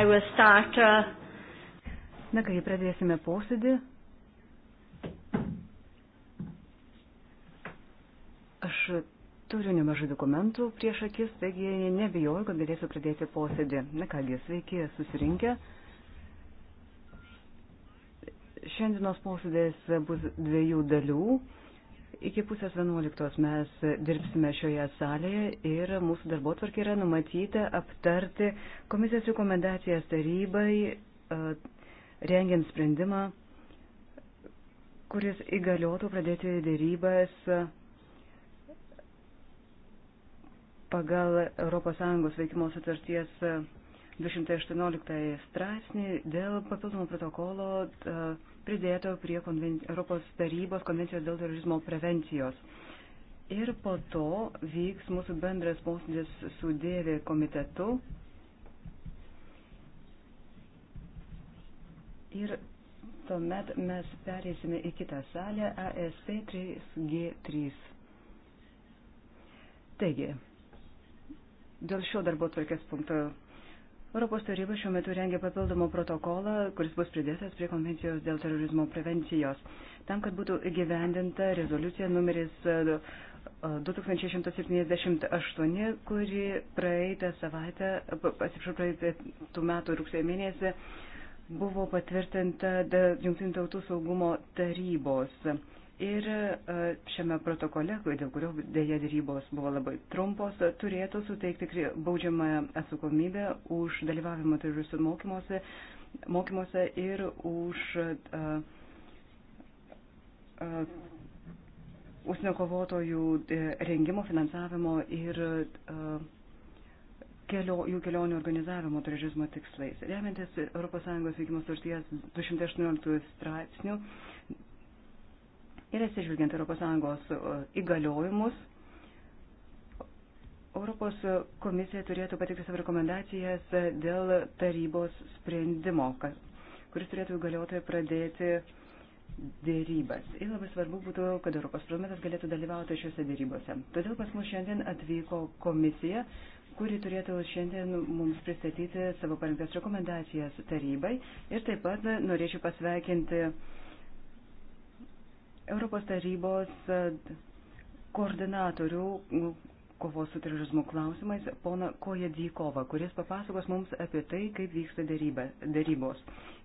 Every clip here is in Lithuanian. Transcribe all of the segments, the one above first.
Start, uh... Na kai pradėsime posėdį. Aš turiu nemažai dokumentų prieš akis, taigi nebijoju, kad galėsiu pradėti posėdį. Na kągi, sveiki susirinkę. Šiandienos posėdės bus dviejų dalių. Iki pusės vienuoliktos mes dirbsime šioje salėje ir mūsų darbo tvarkė yra numatyta aptarti komisijos rekomendacijas tarybai, e, rengiant sprendimą, kuris įgaliotų pradėti dėrybas pagal ES veikimo sutarties 218 straipsnį dėl papildomų protokolo. Uh, pridėto prie konven... Europos tarybos konvencijos dėl terorizmo prevencijos. Ir po to vyks mūsų bendras posėdis su dėvė komitetu. Ir tuomet mes perėsime į kitą salę ASP 3G3. Taigi, dėl šio darbo tvarkės punkto Europos taryba šiuo metu rengia papildomą protokolą, kuris bus pridėtas prie konvencijos dėl terorizmo prevencijos, tam, kad būtų įgyvendinta rezoliucija numeris 2178, e, e, kuri praeitą savaitę, atsiprašau, praeitų metų rugsėjo mėnesį buvo patvirtinta Junktinių tautų saugumo tarybos. Ir e, šiame protokole, dėl kurio dėja dėrybos buvo labai trumpos, turėtų suteikti baudžiamą atsakomybę už dalyvavimą teroristų mokymuose, mokymuose ir už e, e, užsienio kovotojų rengimo, finansavimo ir a, kelio, jų kelionių organizavimo terorizmo tikslais. Remiantis ES veikimo sutarties 218 straipsnių, ir atsižvelgiant ES e, įgaliojimus, Europos komisija turėtų patikti savo rekomendacijas dėl tarybos sprendimo, kuris turėtų įgaliotojai pradėti dėrybas. Ir labai svarbu būtų, kad Europos parlamentas galėtų dalyvauti šiuose dėrybose. Todėl pas mus šiandien atvyko komisija, kuri turėtų šiandien mums pristatyti savo parengtas rekomendacijas tarybai. Ir taip pat norėčiau pasveikinti uh, Europos tarybos e, koordinatorių e, kovos su terorizmu klausimais pona Kojedzykovą, kuris papasakos mums apie tai, kaip vyksta darybė, darybos.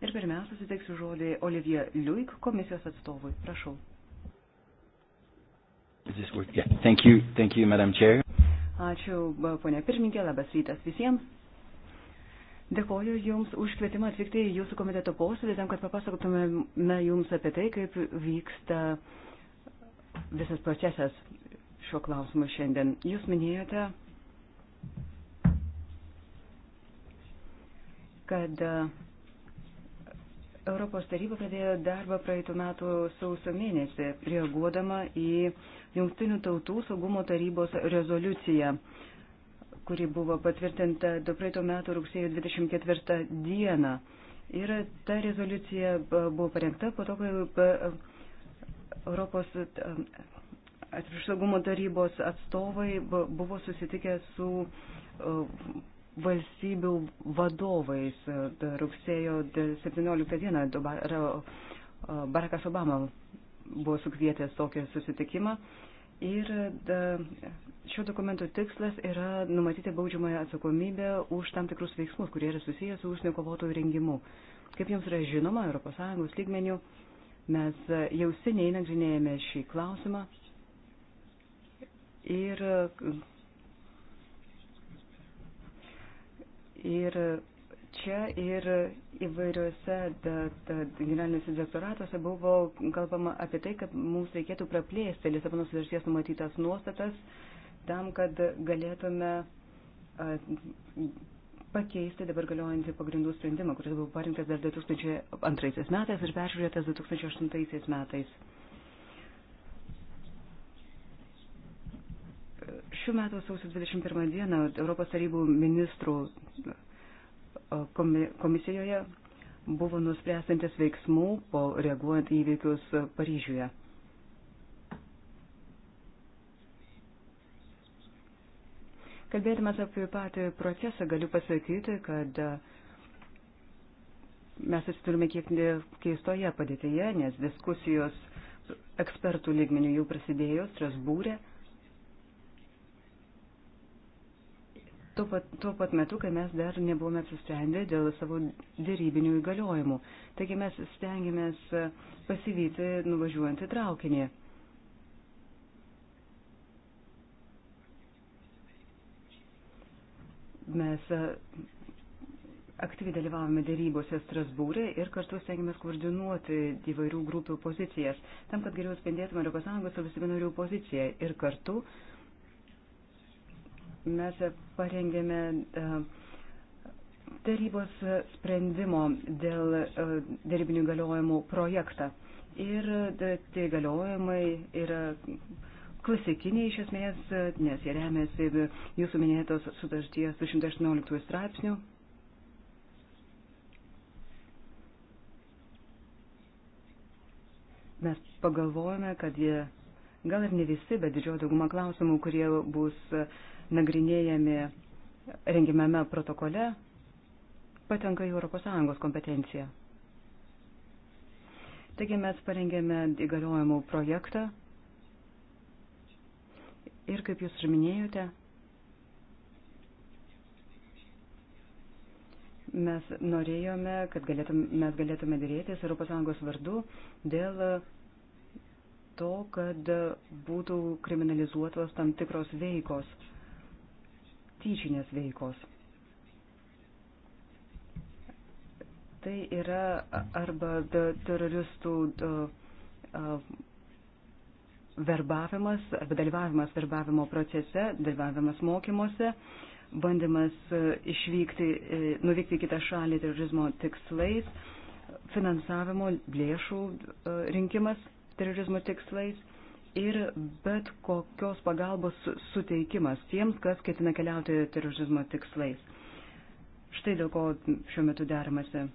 Ir pirmiausia, suteiksiu žodį Olivier Liuik, komisijos atstovui. Prašau. Yeah. Thank you. Thank you, Ačiū, e, ponė pirmininkė, labas rytas visiems. Dėkoju Jums už kvietimą atvykti į Jūsų komiteto posėdį, tam, kad papasakotume Jums apie tai, kaip vyksta visas procesas šiuo klausimu šiandien. Jūs minėjote, kad Europos taryba pradėjo darbą praeitų metų sausio mėnesį, reaguodama į Jungtinių tautų saugumo tarybos rezoliuciją kuri buvo patvirtinta praeitų metų rugsėjo 24 dieną. Ir ta rezoliucija buvo parengta po to, kai Europos atsiprašau tarybos atstovai buvo susitikę su valstybių vadovais rugsėjo 17 dieną. Barackas Obama buvo sukvietęs tokį susitikimą ir da, Šio dokumento tikslas yra numatyti baudžiamąją atsakomybę už tam tikrus veiksmus, kurie yra susijęs su užsienio kovotojų rengimu. Kaip jums yra žinoma, ES lygmenių mes jau seniai nagrinėjame šį klausimą ir, ir čia ir įvairiuose generaliniuose direktoratuose buvo kalbama apie tai, kad mums reikėtų praplėsti Lisabono sutarties numatytas nuostatas tam, kad galėtume pakeisti dabar galiojantį pagrindų sprendimą, kuris buvo parinktas dar 2002 metais ir peržiūrėtas 2008 metais. Šių metų sausio 21 dieną Europos tarybų ministrų komisijoje buvo nuspręstantis veiksmų po reaguojant įvykius Paryžiuje. Kalbėdamas apie patį procesą, galiu pasakyti, kad e, mes atsidurime kiek keistoje padėtyje, nes diskusijos ekspertų lygmenių jau prasidėjo Strasbūrė. Tuo pat, tuo pat metu, kai mes dar nebuvome apsisprendę dėl savo dėrybinių įgaliojimų. Taigi mes stengiamės e, pasivyti nuvažiuojant į traukinį. Mes e, aktyviai dalyvavome dėrybose Strasbūrė ir kartu stengiamės koordinuoti įvairių grupių pozicijas, tam, kad geriau spendėtume ES ir valstybių narių poziciją. Ir kartu mes parengėme e, tarybos sprendimo dėl e, dėrybinių galiojimų projektą. Ir tie galiojimai yra klasikiniai iš esmės, nes jie remiasi jūsų minėtos sutarties 218 straipsnių. Mes pagalvojame, kad jie, gal ir ne visi, bet didžioji dauguma klausimų, kurie bus nagrinėjami rengiamame protokole, patenka į ES kompetenciją. Taigi mes parengėme įgaliojimų projektą Ir kaip jūs ir minėjote, mes norėjome, kad galėtume, mes galėtume dėrėtis ES vardu dėl to, kad būtų kriminalizuotos tam tikros veikos, tyčinės veikos. Tai yra arba teroristų. Uh, uh, verbavimas arba dalyvavimas verbavimo procese, dalyvavimas mokymuose, bandymas e, išvykti, e, nuvykti į kitą šalį terorizmo tikslais, finansavimo lėšų e, rinkimas terorizmo tikslais ir bet kokios pagalbos suteikimas tiems, kas ketina keliauti terorizmo tikslais. Štai dėl ko šiuo metu deramasi.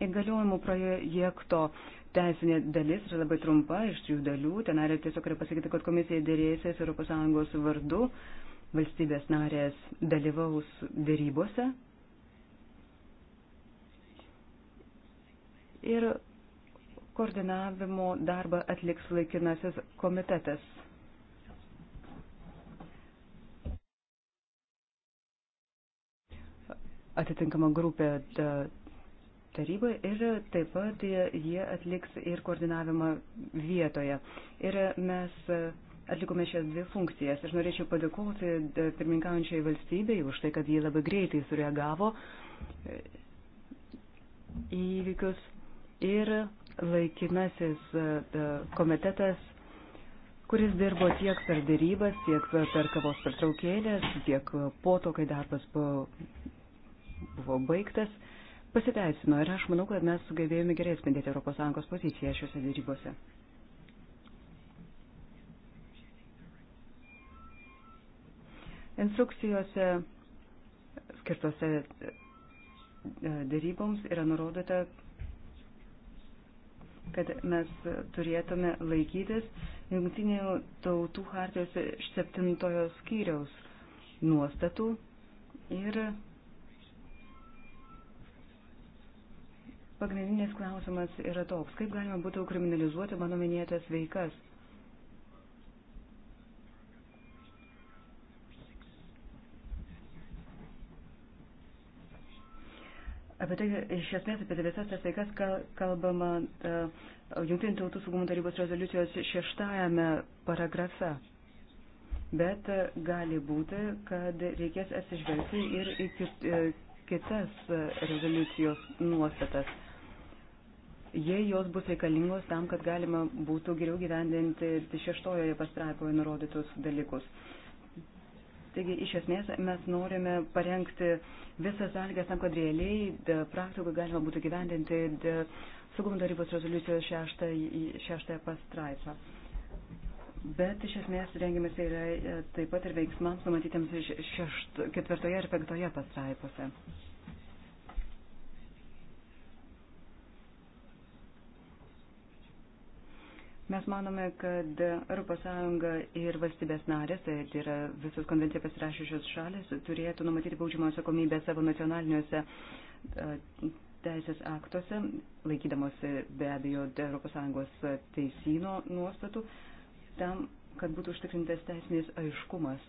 Įgaliojimų projekto uh, teisinė dalis yra labai trumpa, iš trijų dalių. Ten yra tiesiog yra pasakyti, kad komisija dėrėsis ES vardu, valstybės narės dalyvaus dėrybose. Ir koordinavimo darbą atliks laikinasis komitetas. Atitinkama grupė da, tarybai ir taip pat jie atliks ir koordinavimą vietoje. Ir mes atlikome šias dvi funkcijas. Aš norėčiau padėkoti pirmininkaujančiai valstybei už tai, kad jie labai greitai sureagavo įvykius ir laikinasis e, e, komitetas kuris dirbo tiek per dėrybas, tiek per kavos pertraukėlės, tiek po to, kai darbas buvo, buvo baigtas pasiteisino ir aš manau, kad mes sugebėjome gerai atspindėti ES poziciją šiuose dėrybose. Instrukcijose skirtose e, dėryboms yra nurodyta, kad mes turėtume laikytis Jungtinių tautų hartijos septintojo skyriaus nuostatų ir Pagrindinis klausimas yra toks, kaip galima būtų kriminalizuoti mano minėtas veikas. Apie tai, iš esmės, apie visas tas veikas kalbama uh, e, Junktinių tautų saugumo tarybos rezoliucijos šeštajame paragrafe. Bet e, gali būti, kad reikės atsižvelgti ir į e, kitas rezoliucijos nuostatas jei jos bus reikalingos tam, kad galima būtų geriau gyvendinti šeštojoje pastraipoje nurodytus dalykus. Taigi, iš esmės, mes norime parengti visas sąlygas tam, kad realiai praktikoje galima būtų gyvendinti saugumo darybos rezoliucijos šeštąją šeštą pastraipą. Bet iš esmės rengiamės tai yra e, taip pat ir veiksmams numatytiems šešt, ketvirtoje ir penktoje pastraipose. Mes manome, kad ES ir valstybės narės, tai, tai yra visos konvenciją pasirašyšios šalis, turėtų numatyti baudžiamą atsakomybę savo nacionaliniuose e, teisės aktuose, laikydamosi e, be abejo ES teisino nuostatų, tam, kad būtų užtikrintas teisinis aiškumas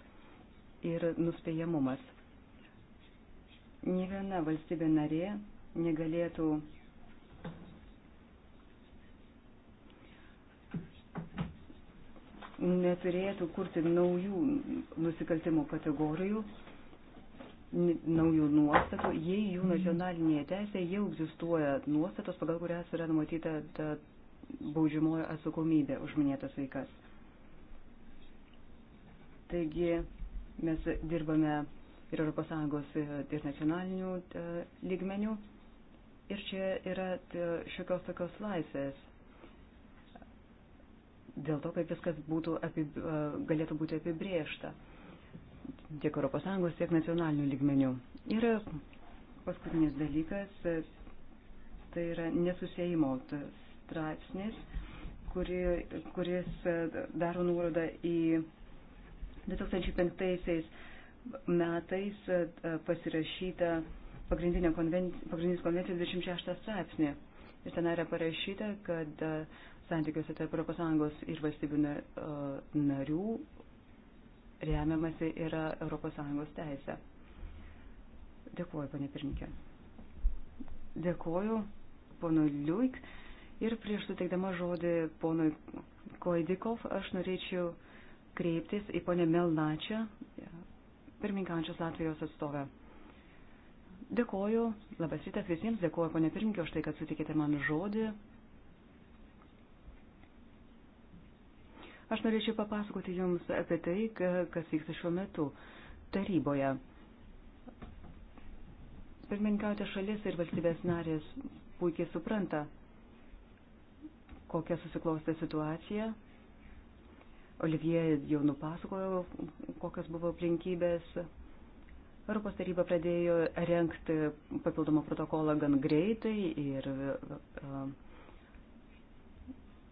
ir nuspėjamumas. Nė viena valstybė narė negalėtų neturėtų kurti naujų nusikaltimų kategorijų, naujų nuostatų, jei jų mhm. nacionalinėje teisėje jau egzistuoja nuostatos, pagal kurias yra numatyta baudžiamojo atsakomybė už minėtas veikas. Taigi mes dirbame ir ES ir nacionalinių e, lygmenių ir čia yra e, šiokios tokios laisvės dėl to, kaip viskas būtų apib, galėtų būti apibriešta tiek ES, tiek nacionalinių lygmenių. Ir paskutinis dalykas, tai yra nesusėjimo straipsnis, kuri, kuris daro nuorodą į 2005 metais pasirašytą pagrindinės konvencijos 26 straipsnį. Ir ten yra parašyta, kad uh, santykiuose tarp ES ir valstybių e, narių remiamasi yra ES teisė. Dėkuoju, panė pirmininkė. Dėkuoju, ponui Liuik. Ir prieš suteikdama žodį ponui Koidikov, aš norėčiau kreiptis į ponę Melnačią, pirmininkančios Latvijos atstovę. Dėkuoju, labas rytas visiems, dėkuoju ponė pirmininkė už tai, kad sutikėte man žodį. Aš norėčiau papasakoti Jums apie tai, kas vyksta šiuo metu taryboje. Pirmininkauti šalis ir valstybės narės puikiai supranta, kokia susiklostė situacija. Olivier jau nupasakojo, kokios buvo aplinkybės. Europos taryba pradėjo renkti papildomą protokolą gan greitai ir uh,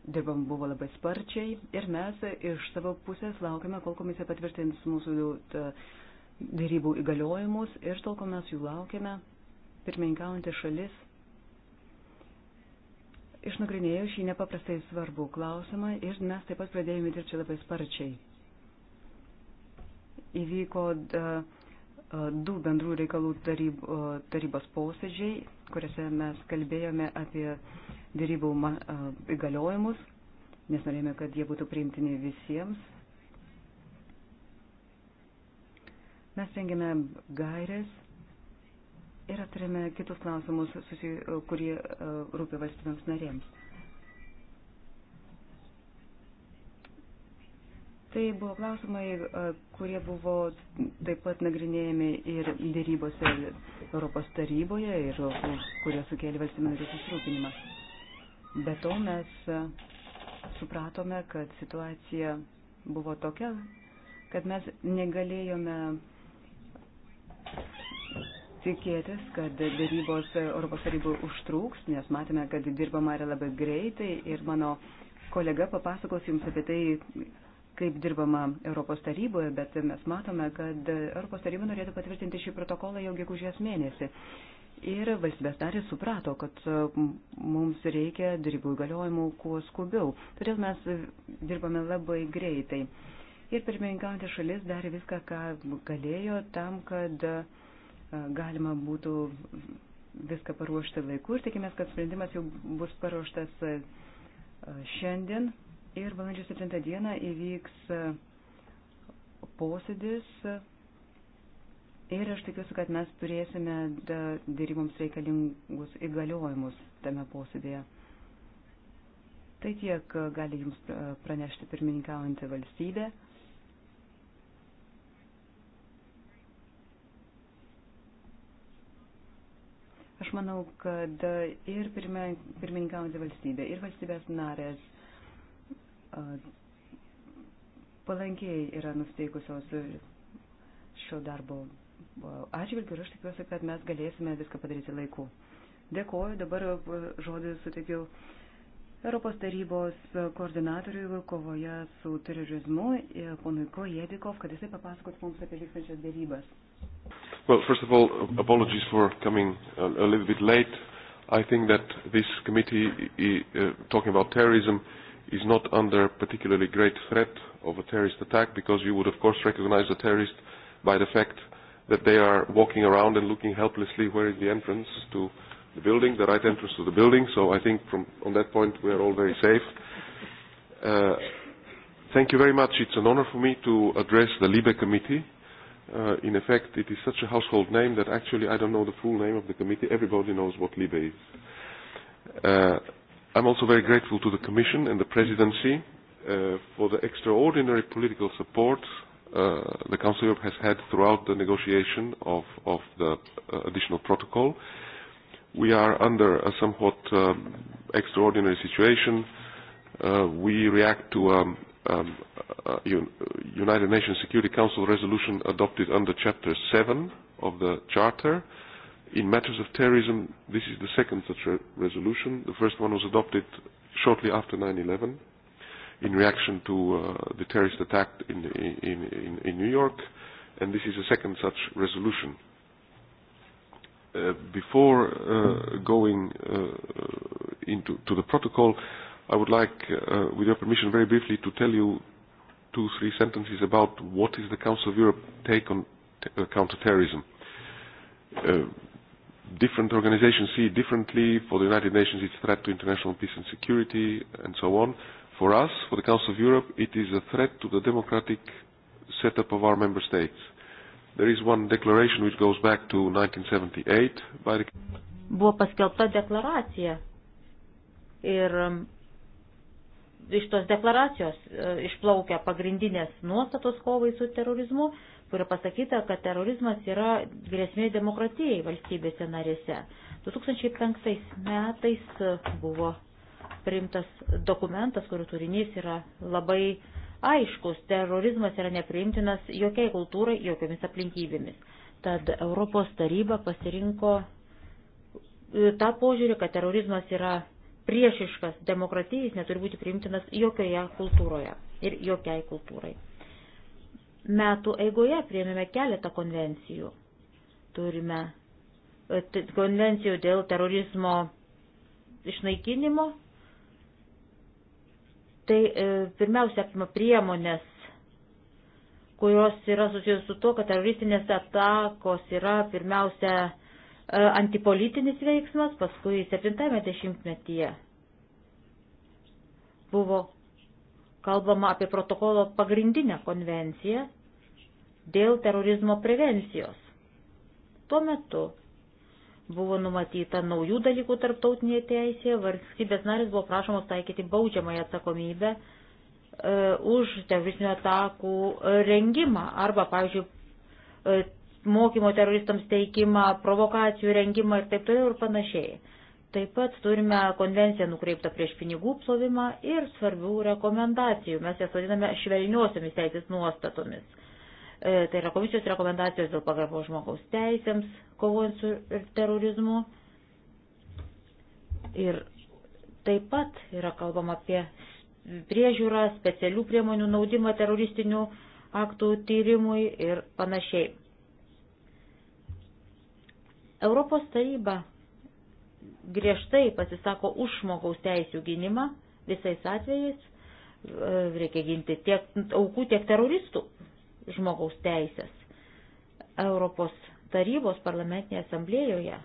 dirbam buvo labai sparčiai ir mes iš savo pusės laukiame, kol komisija patvirtins mūsų e, dėrybų įgaliojimus ir tol, kol mes jų laukiame, pirmininkaujantį šalis. Išnagrinėjau šį nepaprastai svarbų klausimą ir mes taip pat pradėjome dirbti labai sparčiai. Įvyko e, e, du bendrų reikalų tarybos posėdžiai, kuriuose mes kalbėjome apie uh, dėrybų įgaliojimus, nes norėjome, kad jie būtų priimtini visiems. Mes rengėme gairės ir aptarėme kitus klausimus, susi, kurie rūpi valstybėms narėms. Tai buvo klausimai, kurie buvo taip pat nagrinėjami ir dėrybose Europos taryboje ir kurie sukėlė valstybinį susirūpinimą. Be to mes e, supratome, kad situacija buvo tokia, kad mes negalėjome tikėtis, kad darybos Europos tarybų užtrūks, nes matėme, kad dirbama yra labai greitai ir mano kolega papasakos jums apie tai, kaip dirbama Europos taryboje, bet mes matome, kad Europos taryba norėtų patvirtinti šį protokolą jau gegužės mėnesį. Ir valstybės narės suprato, kad e, mums reikia darybų įgaliojimų kuo skubiau. Todėl mes dirbame labai greitai. Ir pirmininkauti šalis darė viską, ką galėjo tam, kad e, galima būtų viską paruošti laiku. Ir tikimės, kad sprendimas jau bus paruoštas e, šiandien. Ir balandžio 7 dieną įvyks posėdis Ir aš tikiuosi, kad mes turėsime dėryboms reikalingus įgaliojimus tame posėdėje. Tai tiek gali jums pranešti pirmininkaujantį valstybę. Aš manau, kad ir pirmininkaujantį valstybę, ir valstybės narės palankiai yra nusteikusios šio darbo atžvilgiu ir aš tikiuosi, kad mes galėsime viską padaryti laiku. Dėkoju, dabar e, žodį suteikiu Europos tarybos koordinatoriui kovoje su terorizmu, e, ponui Kojedikov, kad jisai papasakot mums apie vykstančias dėrybas. Well, first of all, apologies for coming a, a little bit late. I think that this committee, uh, talking about terrorism, is not under particularly great threat of a terrorist attack because you would, of course, recognize a terrorist by the fact that they are walking around and looking helplessly where is the entrance to the building, the right entrance to the building. So I think from on that point we are all very safe. Uh, thank you very much. It's an honor for me to address the Libe Committee. Uh, in effect, it is such a household name that actually I don't know the full name of the committee. Everybody knows what Libe is. Uh, I'm also very grateful to the Commission and the Presidency uh, for the extraordinary political support uh, the Council of Europe has had throughout the negotiation of, of the uh, additional protocol. We are under a somewhat um, extraordinary situation. Uh, we react to um, um, uh, uh United Nations Security Council resolution adopted under Chapter 7 of the Charter. In matters of terrorism, this is the second such re resolution. The first one was adopted shortly after 9 11 in reaction to uh, the terrorist attack in, in, in, in New York, and this is a second such resolution. Uh, before uh, going uh, into to the protocol, I would like, uh, with your permission, very briefly to tell you two, three sentences about what is the Council of Europe take on t uh, counterterrorism. Uh, different organizations see it differently. For the United Nations, it's threat to international peace and security, and so on. Uh, For us, for the Council of Europe, it is a threat to the democratic setup of our member states. There is one declaration which goes back to 1978 by the... Buvo paskelbta deklaracija ir um, iš tos deklaracijos e, išplaukia pagrindinės nuostatos kovai su terorizmu, kurio pasakyta, kad terorizmas yra grėsmė demokratijai valstybėse narėse. 2005 metais buvo priimtas dokumentas, kurių turinys yra labai aiškus. Terorizmas yra nepriimtinas jokiai kultūrai, jokiomis aplinkybėmis. Tad Europos taryba pasirinko e, tą požiūrį, kad terorizmas yra priešiškas demokratijai, jis neturi būti priimtinas jokioje kultūroje ir jokiai kultūrai. Metų eigoje priėmėme keletą konvencijų. Turime e, konvencijų dėl terorizmo išnaikinimo tai e, pirmiausia apima priemonės, kurios yra susijusios su to, kad teroristinės atakos yra pirmiausia e, antipolitinis veiksmas, paskui 70-ame dešimtmetyje buvo kalbama apie protokolo pagrindinę konvenciją dėl terorizmo prevencijos. Tuo metu buvo numatyta naujų dalykų tarptautinėje teisėje, valstybės narės buvo prašomos taikyti baudžiamąją atsakomybę e, už teroristinių atakų e, rengimą arba, pavyzdžiui, e, mokymo teroristams teikimą, provokacijų rengimą ir taip toliau ir panašiai. Taip pat turime konvenciją nukreiptą prieš pinigų plovimą ir svarbių rekomendacijų. Mes jas vadiname švelniosiomis teisės nuostatomis E, tai yra komisijos rekomendacijos dėl pagarbos žmogaus teisėms, kovojant su terorizmu. Ir taip pat yra kalbama apie priežiūrą, specialių priemonių naudimą teroristinių aktų tyrimui ir panašiai. Europos taryba griežtai pasisako už žmogaus teisų gynimą visais atvejais. E, reikia ginti tiek aukų, tiek teroristų žmogaus teisės. Europos tarybos parlamentinėje asamblėjoje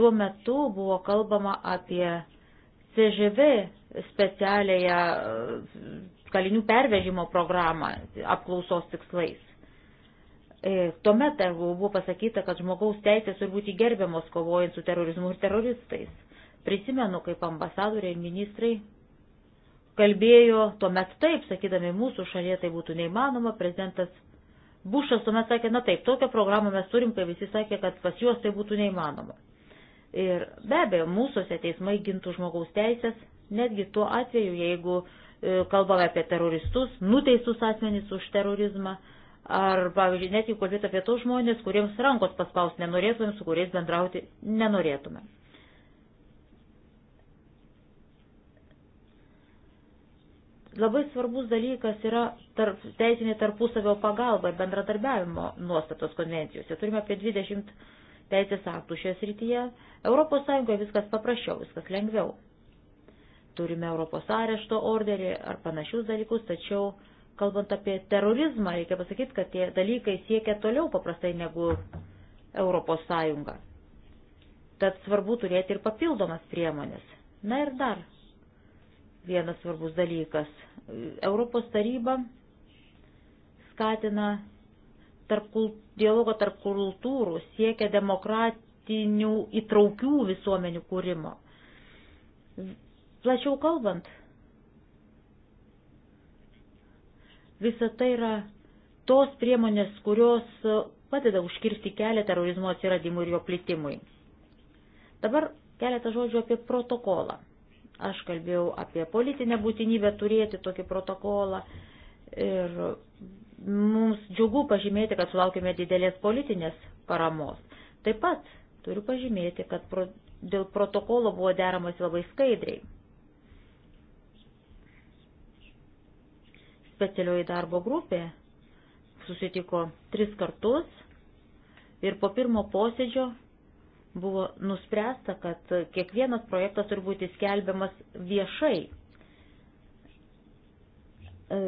tuo metu buvo kalbama apie CŽV specialiąją e, kalinių pervežimo programą apklausos tikslais. E, tuomet buvo pasakyta, kad žmogaus teisės turi būti gerbiamos kovojant su terorizmu ir teroristais. Prisimenu, kaip ambasadoriai ir ministrai kalbėjo tuomet taip, sakydami, mūsų šalyje tai būtų neįmanoma, prezidentas Bušas tuomet sakė, na taip, tokią programą mes turim, kai visi sakė, kad pas juos tai būtų neįmanoma. Ir be abejo, mūsųse teismai gintų žmogaus teisės, netgi tuo atveju, jeigu e, kalbame apie teroristus, nuteistus asmenys už terorizmą, ar, pavyzdžiui, net jeigu kalbėtume apie tos žmonės, kuriems rankos paspaus nenorėtumėm, su kuriais bendrauti nenorėtumėm. Labai svarbus dalykas yra tarp, teisinė tarpusavio pagalba ir bendradarbiavimo nuostatos konvencijose. Turime apie 20 teisės aktų šioje srityje. Europos Sąjungoje viskas paprasčiau, viskas lengviau. Turime Europos arešto orderį ar panašius dalykus, tačiau kalbant apie terorizmą, reikia pasakyti, kad tie dalykai siekia toliau paprastai negu Europos Sąjunga. Tad svarbu turėti ir papildomas priemonės. Na ir dar vienas svarbus dalykas. Europos taryba skatina tarp, dialogą tarp kultūrų, siekia demokratinių įtraukių visuomenių kūrimo. Plačiau kalbant, visa tai yra tos priemonės, kurios padeda užkirsti kelią terorizmo atsiradimui ir jo plitimui. Dabar keletą žodžių apie protokolą. Aš kalbėjau apie politinę būtinybę turėti tokį protokolą ir mums džiugu pažymėti, kad sulaukime didelės politinės paramos. Taip pat turiu pažymėti, kad pro, dėl protokolo buvo deramas labai skaidriai. Specialioji darbo grupė susitiko tris kartus ir po pirmo posėdžio buvo nuspręsta, kad kiekvienas projektas turi būti skelbiamas viešai. E,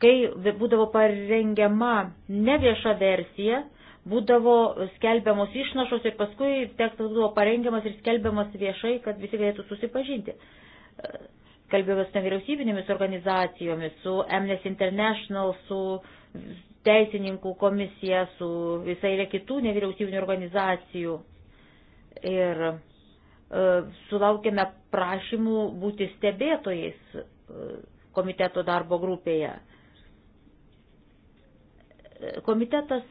kai būdavo parengiama nevieša versija, būdavo skelbiamos išnašos ir paskui tekstas buvo parengiamas ir skelbiamas viešai, kad visi galėtų susipažinti. E, kalbėjau su nevyriausybinėmis organizacijomis, su Amnesty International, su teisininkų komisija, su visai lė kitų nevyriausybinių organizacijų. Ir e, sulaukėme prašymų būti stebėtojais e, komiteto darbo grupėje. Komitetas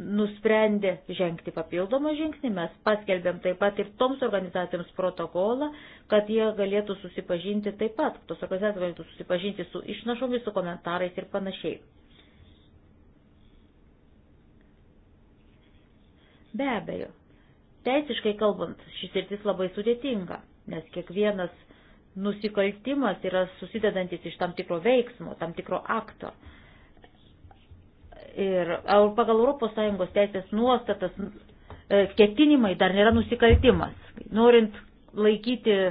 nusprendė žengti papildomą žingsnį, mes paskelbėm taip pat ir toms organizacijoms protokolą, kad jie galėtų susipažinti taip pat, tos organizacijos galėtų susipažinti su išnašomis, su komentarais ir panašiai. Be abejo, teisiškai kalbant, šis sritis labai sudėtinga, nes kiekvienas nusikaltimas yra susidedantis iš tam tikro veiksmo, tam tikro akto. Ir pagal ES teisės nuostatas e, ketinimai dar nėra nusikaltimas. Norint laikyti e,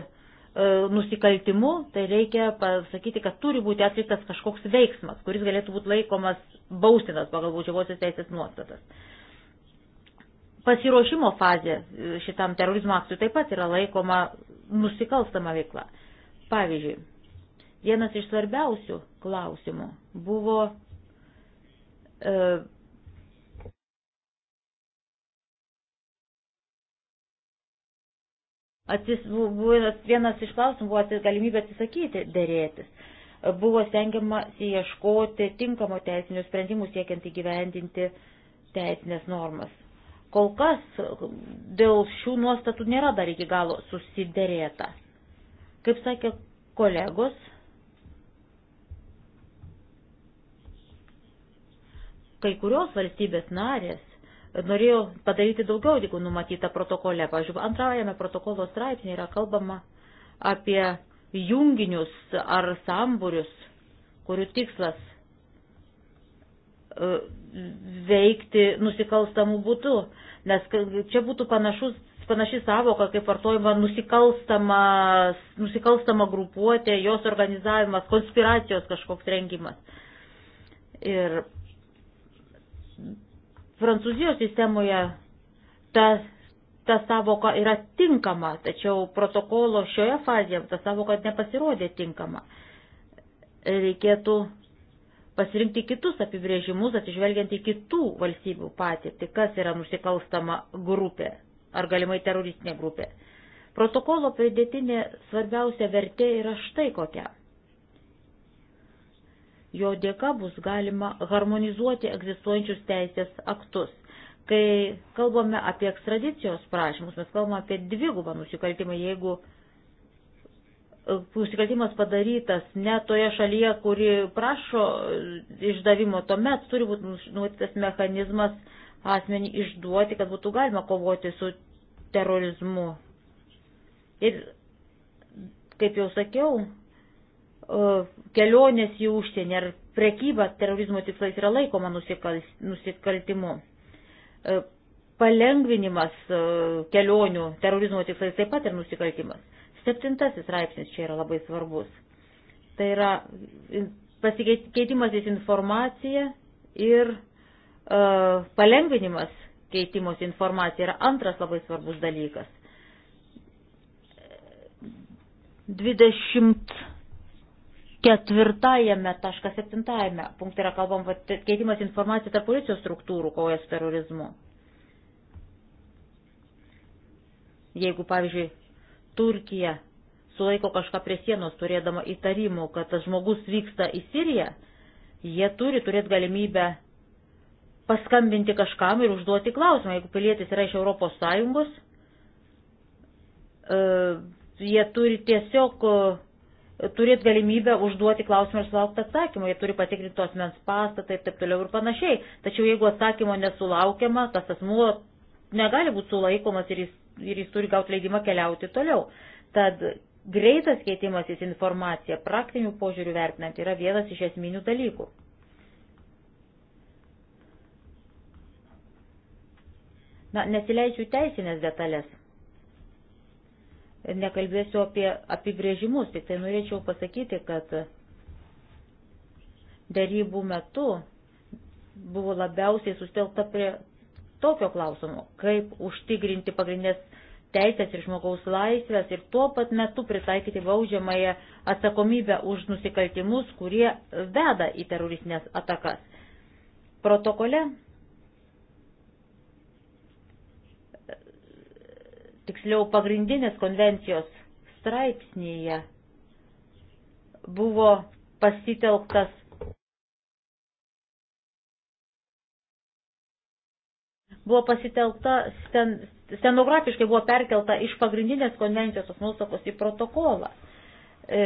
nusikaltimu, tai reikia pasakyti, kad turi būti atliktas kažkoks veiksmas, kuris galėtų būti laikomas baustinas pagal būdžiavosios teisės nuostatas pasiruošimo fazė e, šitam terorizmo aktui taip pat yra laikoma nusikalstama veikla. Pavyzdžiui, vienas iš svarbiausių klausimų buvo e, atsis, buvo, vienas iš klausimų buvo atsis, galimybė atsisakyti dėrėtis. Buvo stengiama ieškoti tinkamo teisinių sprendimų siekiant įgyvendinti teisinės normas Kol kas dėl šių nuostatų nėra dar iki galo susiderėta. Kaip sakė kolegos, kai kurios valstybės narės norėjo padaryti daugiau, jeigu numatyta protokole. Pavyzdžiui, antrajame protokolo straipsnėje yra kalbama apie junginius ar sambūrius, kurių tikslas E, veikti nusikalstamų būdų, nes čia būtų panašus, panaši savoka, kaip vartojama nusikalstama, nusikalstama grupuotė, jos organizavimas, konspiracijos kažkoks rengimas. Ir Prancūzijos sistemoje ta, ta savoka yra tinkama, tačiau protokolo šioje fazėje ta savoka nepasirodė tinkama. Reikėtų pasirinkti kitus apibrėžimus, atsižvelgiant į kitų valstybių patirtį, kas yra nusikalstama grupė ar galimai teroristinė grupė. Protokolo pridėtinė svarbiausia vertė yra štai kokia. Jo dėka bus galima harmonizuoti egzistuojančius teisės aktus. Kai kalbame apie ekstradicijos prašymus, mes kalbame apie dvigubą nusikaltimą, jeigu nusikaltimas padarytas ne toje šalyje, kuri prašo išdavimo, tuomet turi būti numatytas mechanizmas asmenį išduoti, kad būtų galima kovoti su terorizmu. Ir, kaip jau sakiau, e, kelionės į užsienį ar prekyba terorizmo tikslais yra laikoma nusikaltimu. E, palengvinimas e, kelionių terorizmo tikslais taip pat ir nusikaltimas. Septintasis raipsnis čia yra labai svarbus. Tai yra e, pasikeitimasis informacija ir uh, palengvinimas keitimos informacija yra antras labai svarbus dalykas. 24.7. punkte yra kalbam, kad keitimas informacija tarp policijos struktūrų kovoja su terorizmu. Jeigu, pavyzdžiui, Turkija sulaiko kažką prie sienos, turėdama įtarimų, kad tas žmogus vyksta į Siriją, jie turi turėti galimybę paskambinti kažkam ir užduoti klausimą. Jeigu pilietis yra iš Europos Sąjungos, e, jie turi tiesiog e, turėti galimybę užduoti klausimą ir sulaukti atsakymą. Jie turi patikrinti tos mens pastatą ir taip toliau ir panašiai. Tačiau jeigu atsakymo nesulaukiama, tas asmuo negali būti sulaikomas ir jis, ir jis turi gauti leidimą keliauti toliau. Tad greitas keitimasis informacija praktinių požiūrių vertinant yra vienas iš esminių dalykų. Na, nesileisiu teisinės detalės. Nekalbėsiu apie apibrėžimus, tik tai norėčiau pasakyti, kad darybų metu buvo labiausiai sustelta prie tokio klausimo, kaip užtikrinti pagrindinės teisės ir žmogaus laisvės ir tuo pat metu pritaikyti baudžiamąją atsakomybę už nusikaltimus, kurie veda į teroristinės atakas. Protokole tiksliau pagrindinės konvencijos straipsnėje buvo pasitelktas buvo pasitelkta, sten, stenografiškai buvo perkelta iš pagrindinės konvencijos tos nuostatos į protokolą. E,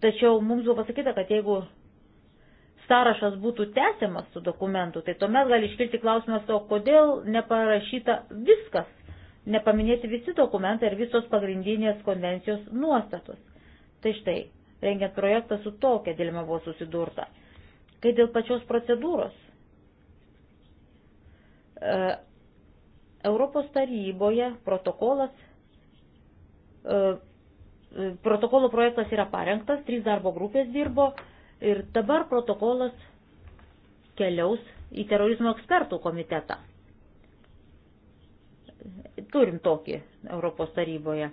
tačiau mums buvo pasakyta, kad jeigu sąrašas būtų tęsiamas su dokumentu, tai tuomet gali iškilti klausimas to, kodėl neparašyta viskas, nepaminėti visi dokumentai ir visos pagrindinės konvencijos nuostatos. Tai štai, rengiant projektą su tokia dilema buvo susidurta. Kai dėl pačios procedūros E, Europos taryboje protokolas, e, e, protokolo projektas yra parengtas, trys darbo grupės dirbo ir dabar protokolas keliaus į terorizmo ekspertų komitetą. Turim tokį Europos taryboje.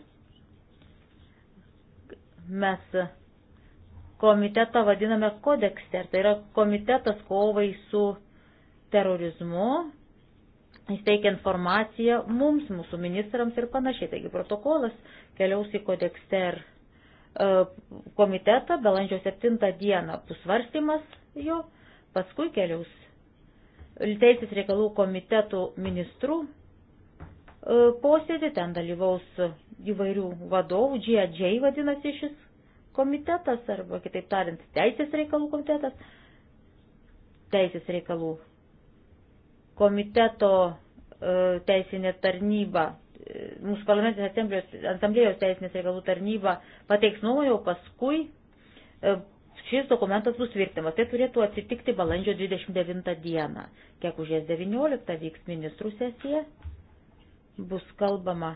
Mes komitetą vadiname kodekste, tai yra komitetas kovai su terorizmu, jis teikia informaciją mums, mūsų ministrams ir panašiai. Taigi protokolas keliaus į kodekster e, komitetą, balandžio 7 dieną bus svarstymas jo, paskui keliaus Teisės reikalų komitetų ministrų e, posėdį, ten dalyvaus įvairių vadovų, GIA vadinasi šis komitetas, arba kitaip tariant, Teisės reikalų komitetas, Teisės reikalų komiteto e, teisinė tarnyba, e, mūsų parlamentinės asamblėjos, asamblėjos teisinės reikalų tarnyba pateiks naujo, paskui e, šis dokumentas bus tvirtinamas. Tai turėtų atsitikti balandžio 29 dieną. Kiekužės 19 vyks ministrų sesija, bus kalbama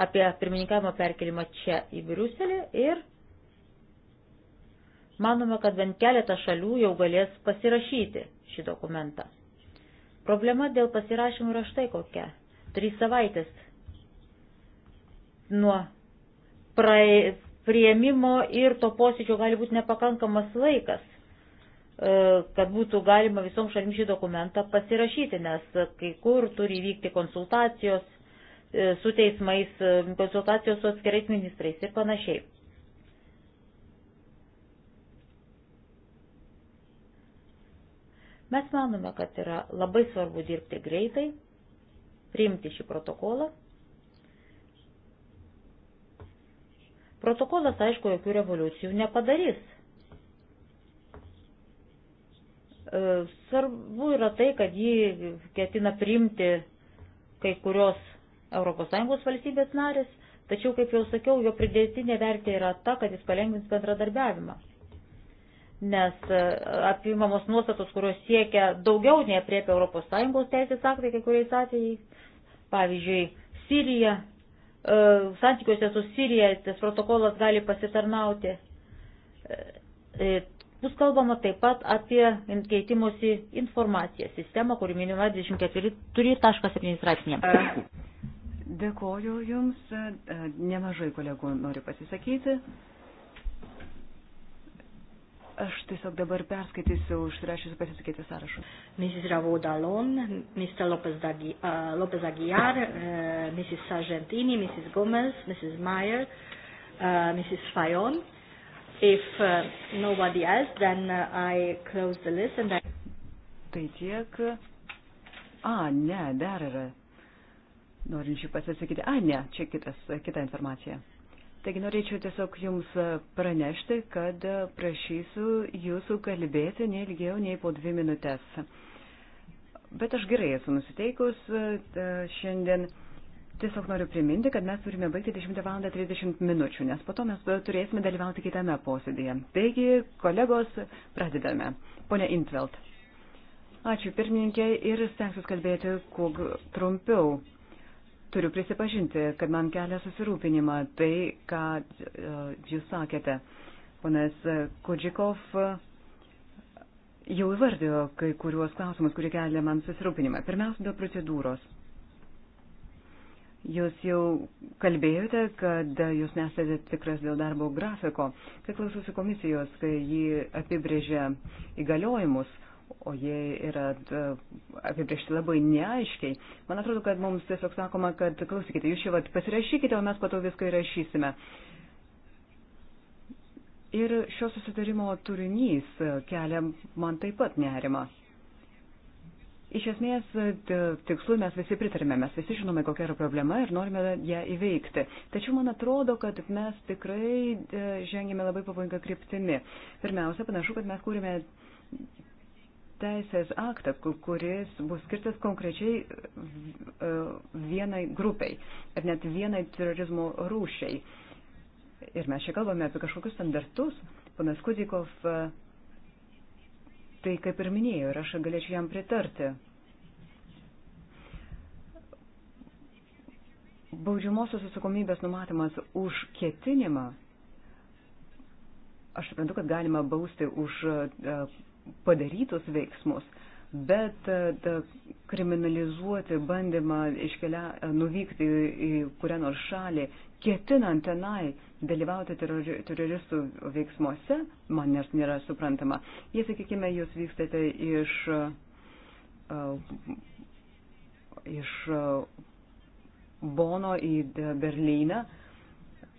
apie pirmininkavimo perkelimą čia į Briuselį ir manome, kad bent keletą šalių jau galės pasirašyti šį dokumentą. Problema dėl pasirašymų yra štai kokia. Trys savaitės nuo prae, prieimimo ir to posėdžio gali būti nepakankamas laikas, e, kad būtų galima visom šalim šį dokumentą pasirašyti, nes kai kur turi vykti konsultacijos e, su teismais, e, konsultacijos su atskirais ministrais ir panašiai. Mes manome, kad yra labai svarbu dirbti greitai, priimti šį protokolą. Protokolas, aišku, jokių revoliucijų nepadarys. E, svarbu yra tai, kad jį ketina priimti kai kurios ES valstybės narės, tačiau, kaip jau sakiau, jo pridėtinė vertė yra ta, kad jis palengvins bendradarbiavimą nes e, apimamos nuostatos, kurios siekia daugiau nei apriepia ES teisės aktai kai kuriais atvejais. Pavyzdžiui, Sirija, e, santykiuose su Sirija tas protokolas gali pasitarnauti. E, e bus kalbama taip pat apie keitimosi informaciją, sistemą, kuri minima 24.7 straipsnė. Dėkoju Jums, e, nemažai kolegų nori pasisakyti. Aš tiesiog dabar perskaitysiu užsirašysiu pasisakyti sąrašą. Mrs. Ravoda Lon, Mr. Lopez, Dagi, uh, Lopez Aguiar, uh, e, Mrs. Sargentini, Mrs. Gomez, Mrs. Meyer, uh, e, Mrs. Fayon. If uh, nobody else, then uh, I close the list and I... Tai tiek. A, ne, dar yra. Norinčių pasisakyti. A, ne, čia kitas, kita informacija. Taigi norėčiau tiesiog Jums pranešti, kad prašysiu Jūsų kalbėti neilgiau nei po dvi minutės. Bet aš gerai esu nusiteikus e, šiandien. Tiesiog noriu priminti, kad mes turime baigti 10 val. 30 minučių, nes po to mes turėsime dalyvauti kitame posėdėje. Taigi, kolegos, pradedame. Pone Intveld. Ačiū pirmininkė ir stengsiu kalbėti kuo trumpiau. Turiu prisipažinti, kad man kelia susirūpinimą tai, ką e, jūs sakėte. Ponas Kudžikov e, jau įvardėjo kai kuriuos klausimus, kurie kelia man susirūpinimą. Pirmiausia, dėl procedūros. Jūs jau kalbėjote, kad jūs nesate tikras dėl darbo grafiko. Kai klausiausi komisijos, kai jį apibrėžė įgaliojimus, o jie yra e, apibriešti labai neaiškiai. Man atrodo, kad mums tiesiog sakoma, kad klausykite, jūs čia pasirašykite, o mes pato viską įrašysime. Ir šio susitarimo turinys e, kelia man taip pat nerimą. Iš esmės, e, tikslui mes visi pritarėme, mes visi žinome, kokia yra problema ir norime ją įveikti. Tačiau man atrodo, kad mes tikrai žengėme labai pavojingą kryptimi. Pirmiausia, panašu, kad mes kūrėme teisės aktą, kuris bus skirtas konkrečiai e, vienai grupiai ir net vienai terorizmo rūšiai. Ir mes čia kalbame apie kažkokius standartus. Panas Kudikov e, tai kaip ir minėjo ir aš galėčiau jam pritarti. Baudžiamosios atsakomybės numatymas už ketinimą. Aš suprantu, kad galima bausti už e, padarytus veiksmus, bet da, e, kriminalizuoti bandymą iškelia, e, nuvykti į kurią nors šalį, ketinant tenai dalyvauti teroristų veiksmuose, man nes nėra suprantama. Jei, sakykime, jūs vykstate iš, e, iš Bono į Berlyną,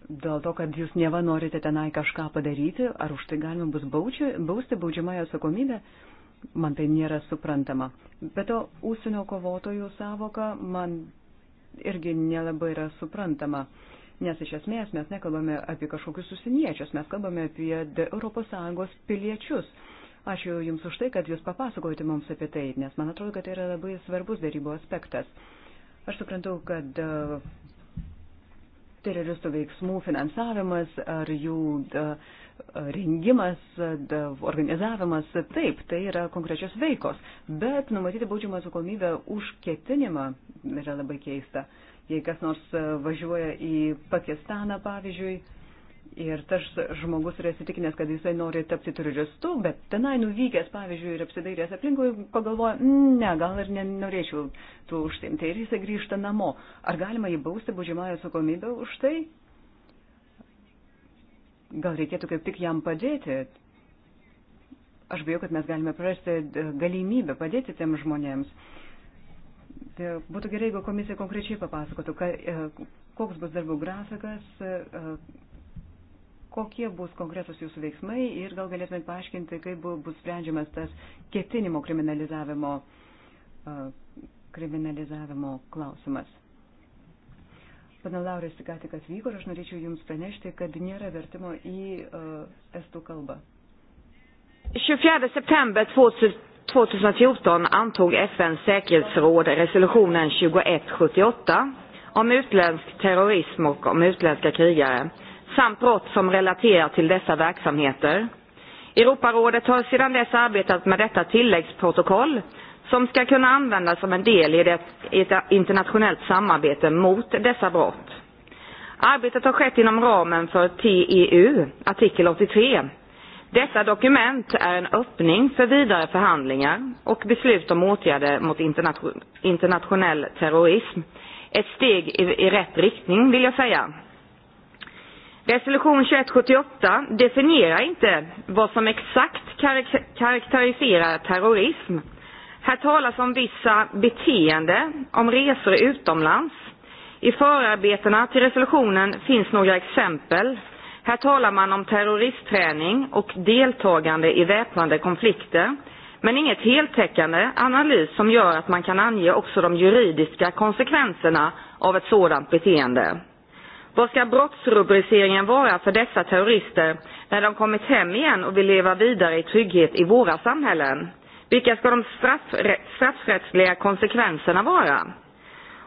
dėl to, kad jūs neva norite tenai kažką padaryti, ar už tai galima bus baudžia, bausti baudžiamąją atsakomybę, man tai nėra suprantama. Bet to ūsinio kovotojų savoka man irgi nelabai yra suprantama. Nes iš esmės mes nekalbame apie kažkokius susiniečius, mes kalbame apie ES piliečius. Aš jau jums už tai, kad jūs papasakojate mums apie tai, nes man atrodo, kad tai yra labai svarbus darybų aspektas. Aš suprantu, kad teroristų veiksmų finansavimas ar jų rengimas, organizavimas, taip, tai yra konkrečios veikos, bet numatyti baudžiamą atsakomybę už ketinimą yra labai keista. Jei kas nors važiuoja į Pakistaną, pavyzdžiui, Ir tas žmogus yra įsitikinęs, kad jisai nori tapti turistu, bet tenai nuvykęs, pavyzdžiui, ir apsidairęs aplinkui, pagalvoja, mm, ne, gal ir nenorėčiau tuo užsimti. Ir jisai grįžta namo. Ar galima jį bausti būdžiamąją atsakomybę už tai? Gal reikėtų kaip tik jam padėti? Aš bijau, kad mes galime prarasti galimybę padėti tiem žmonėms. Tai būtų gerai, jeigu komisija konkrečiai papasakotų, e, koks bus darbų grafikas, e, kokie bus konkretus jūsų veiksmai ir gal galėtumėt paaiškinti, kaip bus sprendžiamas tas ketinimo kriminalizavimo, kriminalizavimo klausimas. Pana Laurės tik ką tik atvyko ir aš norėčiau Jums pranešti, kad nėra vertimo į uh, estų kalbą. 24 september 2014 antog FNs säkerhetsråd resolutionen 2178 om utländsk terrorism och om utländska krigare samt brott som relaterar till dessa verksamheter. Europarådet har sedan dess arbetat med detta tilläggsprotokoll som ska kunna användas som en del i, det, i ett internationellt samarbete mot dessa brott. Arbetet har skett inom ramen för TEU, artikel 83. Detta dokument är en öppning för vidare förhandlingar och beslut om åtgärder mot internationell terrorism. Ett steg i, i rätt riktning vill jag säga. Resolution 2178 definierar inte vad som exakt karak karaktäriserar terrorism. Här talas om vissa beteende, om resor utomlands. I förarbetena till resolutionen finns några exempel. Här talar man om terroristträning och deltagande i väpnade konflikter, men inget heltäckande analys som gör att man kan ange också de juridiska konsekvenserna av ett sådant beteende. Vad ska brottsrubriceringen vara för dessa terrorister när de kommit hem igen och vill leva vidare i trygghet i våra samhällen? Vilka ska de straffrä straffrättsliga konsekvenserna vara?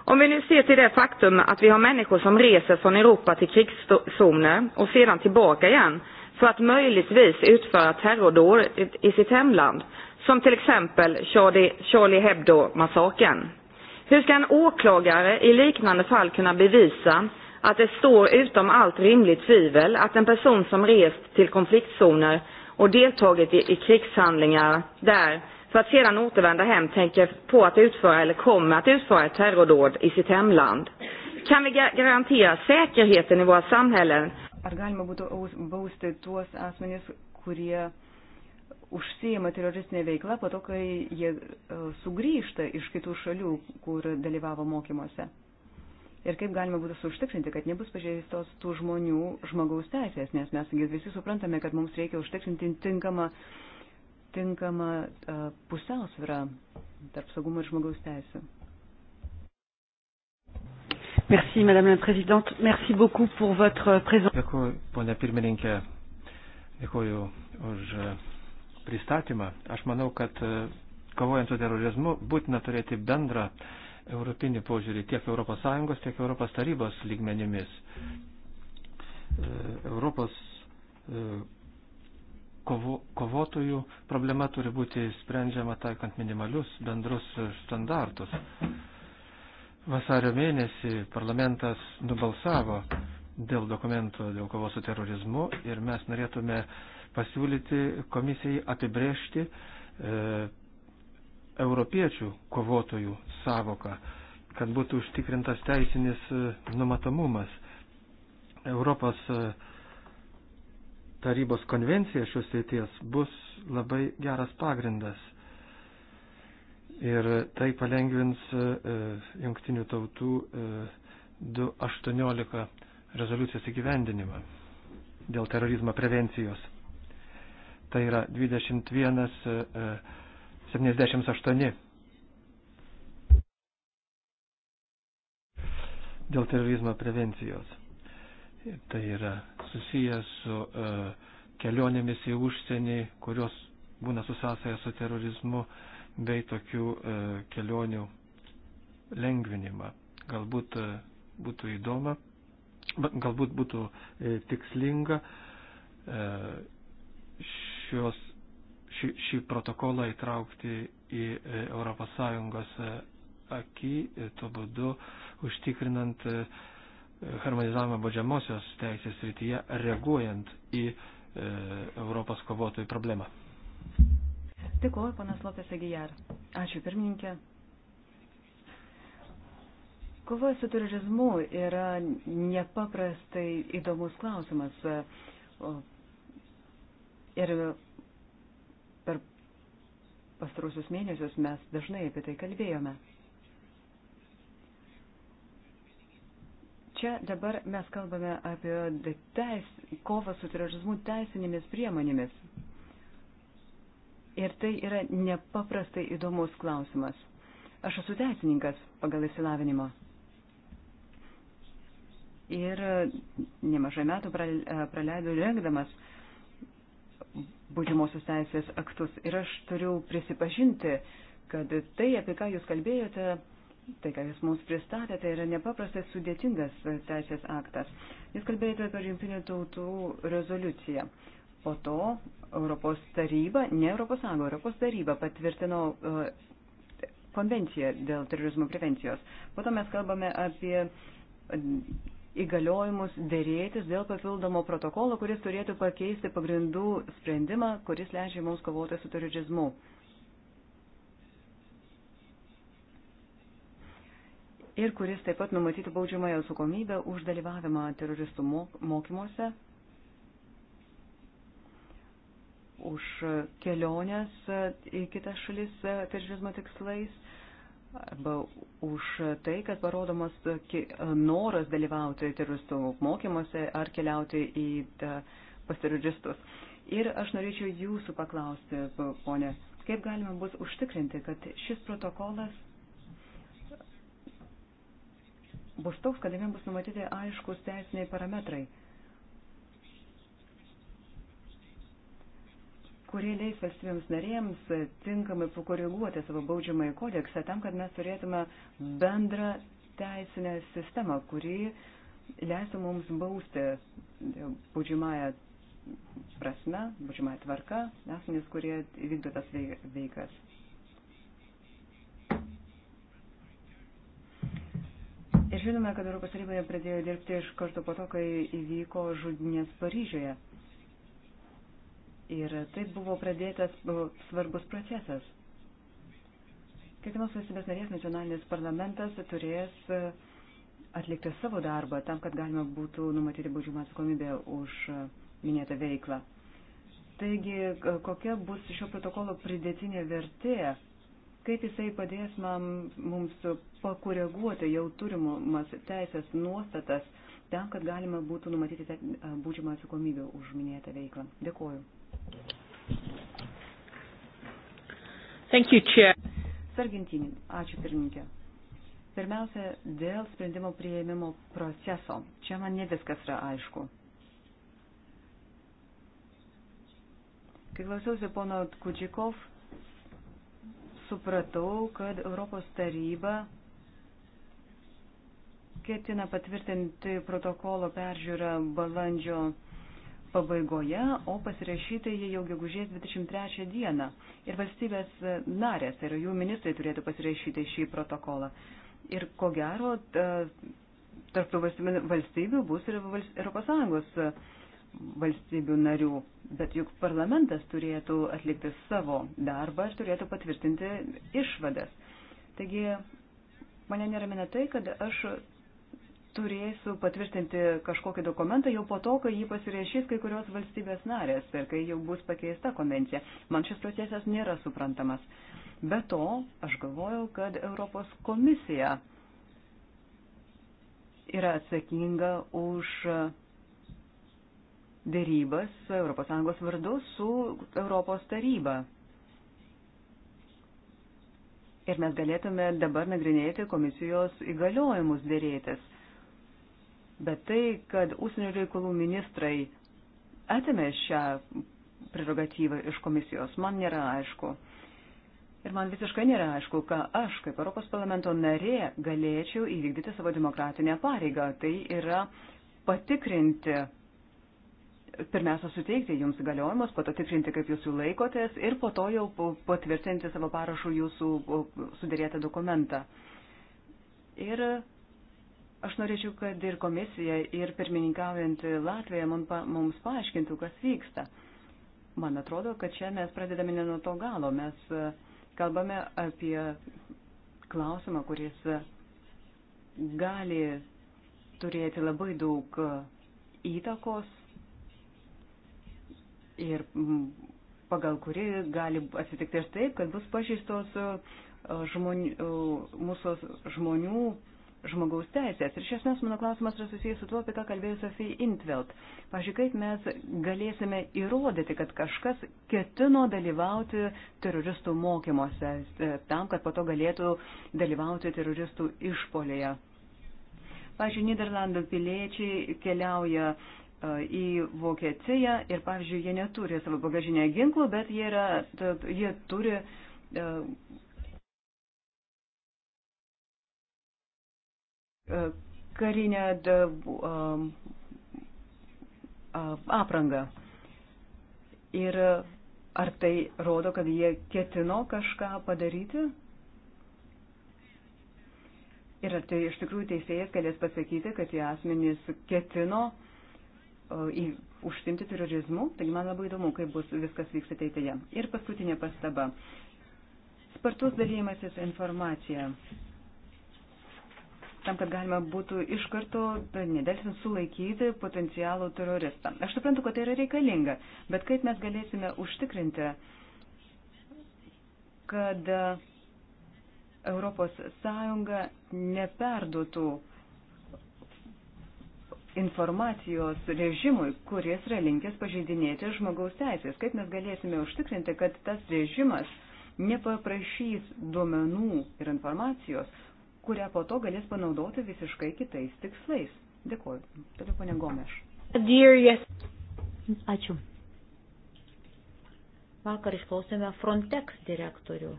Om vi nu ser till det faktum att vi har människor som reser från Europa till krigszoner och sedan tillbaka igen för att möjligtvis utföra terrordåd i sitt hemland, som till exempel Charlie, Charlie Hebdo-massakern. Hur ska en åklagare i liknande fall kunna bevisa att det står utom allt rimligt tvivel att en person som rest till konfliktzoner och deltagit i, i krigshandlingar där för att sedan återvända hem tänker på att utföra eller kommer att utföra ett terrordåd i sitt hemland. Kan vi garantera säkerheten i våra samhällen? Ar galima būtų bausti tuos asmenys, kurie užsijama teroristinė veikla po to, kai jie e, sugrįžta iš kitų šalių, kur dalyvavo mokymuose? ir kaip galima būtų užtikrinti, kad nebus pažeistos tų žmonių žmogaus teisės, nes mes visi suprantame, kad mums reikia užtikrinti tinkamą, tinkamą uh, pusiausvyrą tarp saugumo ir žmogaus teisų. Merci, Madame la Présidente. Merci beaucoup pour votre présence. Dėkuoju, ponia pirmininkė. Dėkuoju už e, pristatymą. Aš manau, kad e, kovojant su terorizmu būtina turėti bendrą uh, europinį požiūrį tiek ES, tiek ES tarybos lygmenimis. E, Europos e, kovo, kovotojų problema turi būti sprendžiama taikant minimalius bendrus standartus. Vasario mėnesį parlamentas nubalsavo dėl dokumento dėl kovos su terorizmu ir mes norėtume pasiūlyti komisijai apibrėžti e, europiečių kovotojų savoką, kad būtų užtikrintas teisinis e, numatomumas. Europos e, tarybos konvencija šios sėties bus labai geras pagrindas. Ir tai palengvins e, jungtinių tautų 218 rezoliucijos įgyvendinimą dėl terorizmo prevencijos. Tai yra 21 78. Dėl terorizmo prevencijos. Tai yra susijęs su uh, kelionėmis į užsienį, kurios būna susasąja su terorizmu, bei tokių uh, kelionių lengvinimą. Galbūt uh, būtų įdoma, galbūt būtų uh, tikslinga uh, šios šį, šį protokolą įtraukti į ES e, akį, e, tuo būdu užtikrinant e, harmonizavimą baudžiamosios teisės rytyje, reaguojant į Europos kovotojų problemą. Dėkuoju, panas Lopės Agijar. Ačiū, pirmininkė. Kova su terorizmu yra nepaprastai įdomus klausimas. Ir Per pastarusius mėnesius mes dažnai apie tai kalbėjome. Čia dabar mes kalbame apie teis, kovą su terorizmu teisinėmis priemonėmis. Ir tai yra nepaprastai įdomus klausimas. Aš esu teisininkas pagal įsilavinimą. Ir nemažai metų praleidau rengdamas uh, būdžiamosios teisės aktus. Ir aš turiu prisipažinti, kad tai, apie ką jūs kalbėjote, tai, ką jūs mums pristatėte, tai yra nepaprastai sudėtingas teisės aktas. Jūs kalbėjote apie jungtinių tautų rezoliuciją. Po to Europos taryba, ne Europos Sąjunga, Europos taryba patvirtino e, konvenciją dėl terorizmo prevencijos. Po to mes kalbame apie įgaliojimus dėrėtis dėl papildomo protokolo, kuris turėtų pakeisti pagrindų sprendimą, kuris leidžia mums kovoti su terorizmu. Ir kuris taip pat numatytų baudžiamąją atsakomybę už dalyvavimą teroristų mokymuose, už keliones į kitas šalis terorizmo tikslais, arba už tai, kad parodomas noras dalyvauti teroristų mokymuose ar keliauti į e, pas teroristus. Ir aš norėčiau jūsų paklausti, ponė, kaip galima bus užtikrinti, kad šis protokolas bus toks, kad jame bus numatyti aiškus teisiniai parametrai, kurie leis valstybėms narėms tinkamai pakoreguoti savo baudžiamąjį kodeksą tam, kad mes turėtume bendrą teisinę sistemą, kuri leistų mums bausti baudžiamąją prasme, baudžiamąją tvarką asmenys, kurie vykdo tas veikas. Ir žinome, kad Europos taryboje pradėjo dirbti iš karto po to, kai įvyko žudinės Paryžioje. Ir taip buvo pradėtas svarbus procesas. Kiekvienos valstybės narės nacionalinis parlamentas turės e, atlikti savo darbą tam, kad galima būtų numatyti baudžiamą atsakomybę už e, minėtą veiklą. Taigi, e, kokia bus šio protokolo pridėtinė vertė, kaip jisai padės man, mums pakoreguoti jau turimas teisės nuostatas tam, kad galima būtų numatyti būdžiamą atsakomybę už minėtą veiklą. Dėkuoju. Thank you, Chair. Sargentinį, ačiū pirmininkė. Pirmiausia, dėl sprendimo prieimimo proceso. Čia man ne viskas yra aišku. Kai klausiausi pono Kudžikov, supratau, kad Europos taryba ketina patvirtinti protokolo peržiūrą balandžio pabaigoje, o pasirašyta jį jau gegužės 23 dieną. Ir valstybės narės, tai yra jų ministrai turėtų pasirašyti šį protokolą. Ir ko gero, tarp tų valstybių bus ir ES valstybių narių. Bet juk parlamentas turėtų atlikti savo darbą ir turėtų patvirtinti išvadas. Taigi, mane neramina tai, kad aš turėsiu patvirtinti kažkokį dokumentą jau po to, kai jį pasirašys kai kurios valstybės narės ir kai jau bus pakeista konvencija. Man šis procesas nėra suprantamas. Be to, aš galvojau, kad Europos komisija yra atsakinga už dėrybas ES vardu su Europos taryba. Ir mes galėtume dabar nagrinėti komisijos įgaliojimus dėrėtis. Bet tai, kad ūsinių reikalų ministrai atėmė šią prerogatyvą iš komisijos, man nėra aišku. Ir man visiškai nėra aišku, ką aš, kaip Europos parlamento narė, galėčiau įvykdyti savo demokratinę pareigą. Tai yra patikrinti, pirmiausia, suteikti jums galiojimus, po to tikrinti, kaip jūs jų laikotės ir po to jau patvirtinti savo parašų jūsų sudėrėtą dokumentą. Ir Aš norėčiau, kad ir komisija, ir pirmininkaujant Latvija mums paaiškintų, kas vyksta. Man atrodo, kad čia mes pradedame ne nuo to galo. Mes e, kalbame apie klausimą, kuris e, gali turėti labai daug e, įtakos ir pagal kuri gali atsitikti ir taip, kad bus pažįstos žmonių, mūsų žmonių žmogaus teisės. Ir iš esmės mano klausimas yra susijęs su tuo, apie ką kalbėjo Sofija Intveld. Pavyzdžiui, kaip mes galėsime įrodyti, kad kažkas ketino dalyvauti teroristų mokymuose, e, tam, kad po to galėtų dalyvauti teroristų išpolėje. Pavyzdžiui, Niderlandų piliečiai keliauja e, į Vokietiją ir, pavyzdžiui, jie neturi savo bagažinėje ginklų, bet jie, yra, jie turi e, E, karinę e, e, aprangą. Ir ar tai rodo, kad jie ketino kažką padaryti? Ir ar tai iš tikrųjų teisėjas galės pasakyti, kad tie asmenys ketino į, užsimti terorizmu, taigi man labai įdomu, kaip bus viskas vyks ateityje. Ir paskutinė pastaba. Spartus dalymasis informacija tam, kad galima būtų iš karto nedelsint sulaikyti potencialų teroristą. Aš suprantu, kad tai yra reikalinga, bet kaip mes galėsime užtikrinti, kad Europos Sąjunga neperduotų informacijos režimui, kuris yra linkęs pažeidinėti žmogaus teisės. Kaip mes galėsime užtikrinti, kad tas režimas nepaprašys duomenų ir informacijos, kurią po to galės panaudoti visiškai kitais tikslais. Dėkuoju. Toliau ponė Gomeš. Dear, yes. Ačiū. Vakar išklausėme Frontex direktorių.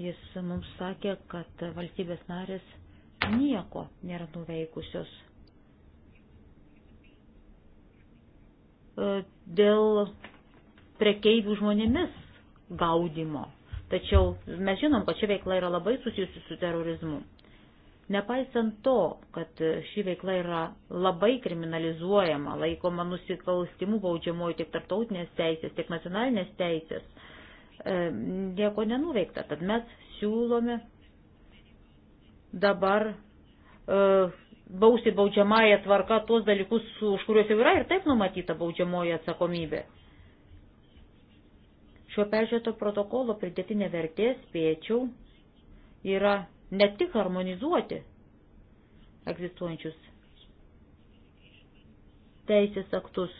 Jis mums sakė, kad valstybės narės nieko nėra nuveikusios e, dėl prekeivių žmonėmis gaudimo. Tačiau mes žinom, kad ši veikla yra labai susijusi su terorizmu. Nepaisant to, kad ši veikla yra labai kriminalizuojama, laikoma nusikalstimų baudžiamoji tiek tarptautinės teisės, tiek nacionalinės teisės, e, nieko e, nenuveikta. Tad mes siūlome dabar e, bausti baudžiamąją tvarką tuos dalykus, už kuriuos jau yra ir taip numatyta baudžiamoji atsakomybė. Šio peržiūrėto protokolo pridėtinė vertė, spėčiau, yra ne tik harmonizuoti egzistuojančius teisės aktus,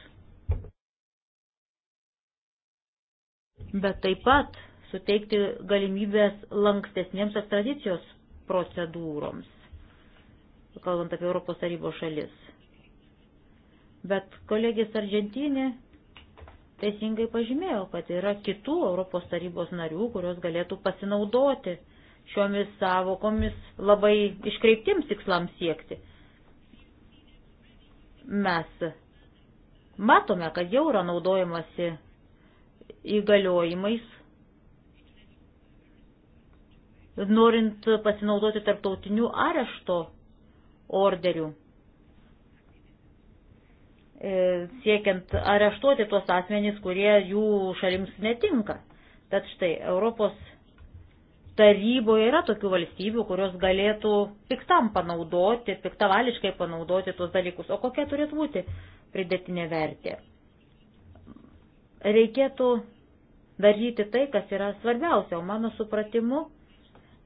bet taip pat suteikti galimybės lankstesniems ekstradicijos procedūroms, kalbant apie Europos tarybos šalis. Bet kolegės Argentinė teisingai pažymėjo, kad yra kitų Europos tarybos narių, kurios galėtų pasinaudoti šiomis savokomis labai iškreiptims tikslams siekti. Mes matome, kad jau yra naudojamasi įgaliojimais, norint pasinaudoti tarptautinių arešto orderių. E, siekiant areštuoti tuos asmenys, kurie jų šalims netinka. Tad štai Europos taryboje yra tokių valstybių, kurios galėtų piktam panaudoti, piktavališkai panaudoti tuos dalykus. O kokia turėtų būti pridėtinė vertė? Reikėtų daryti tai, kas yra svarbiausia, o mano supratimu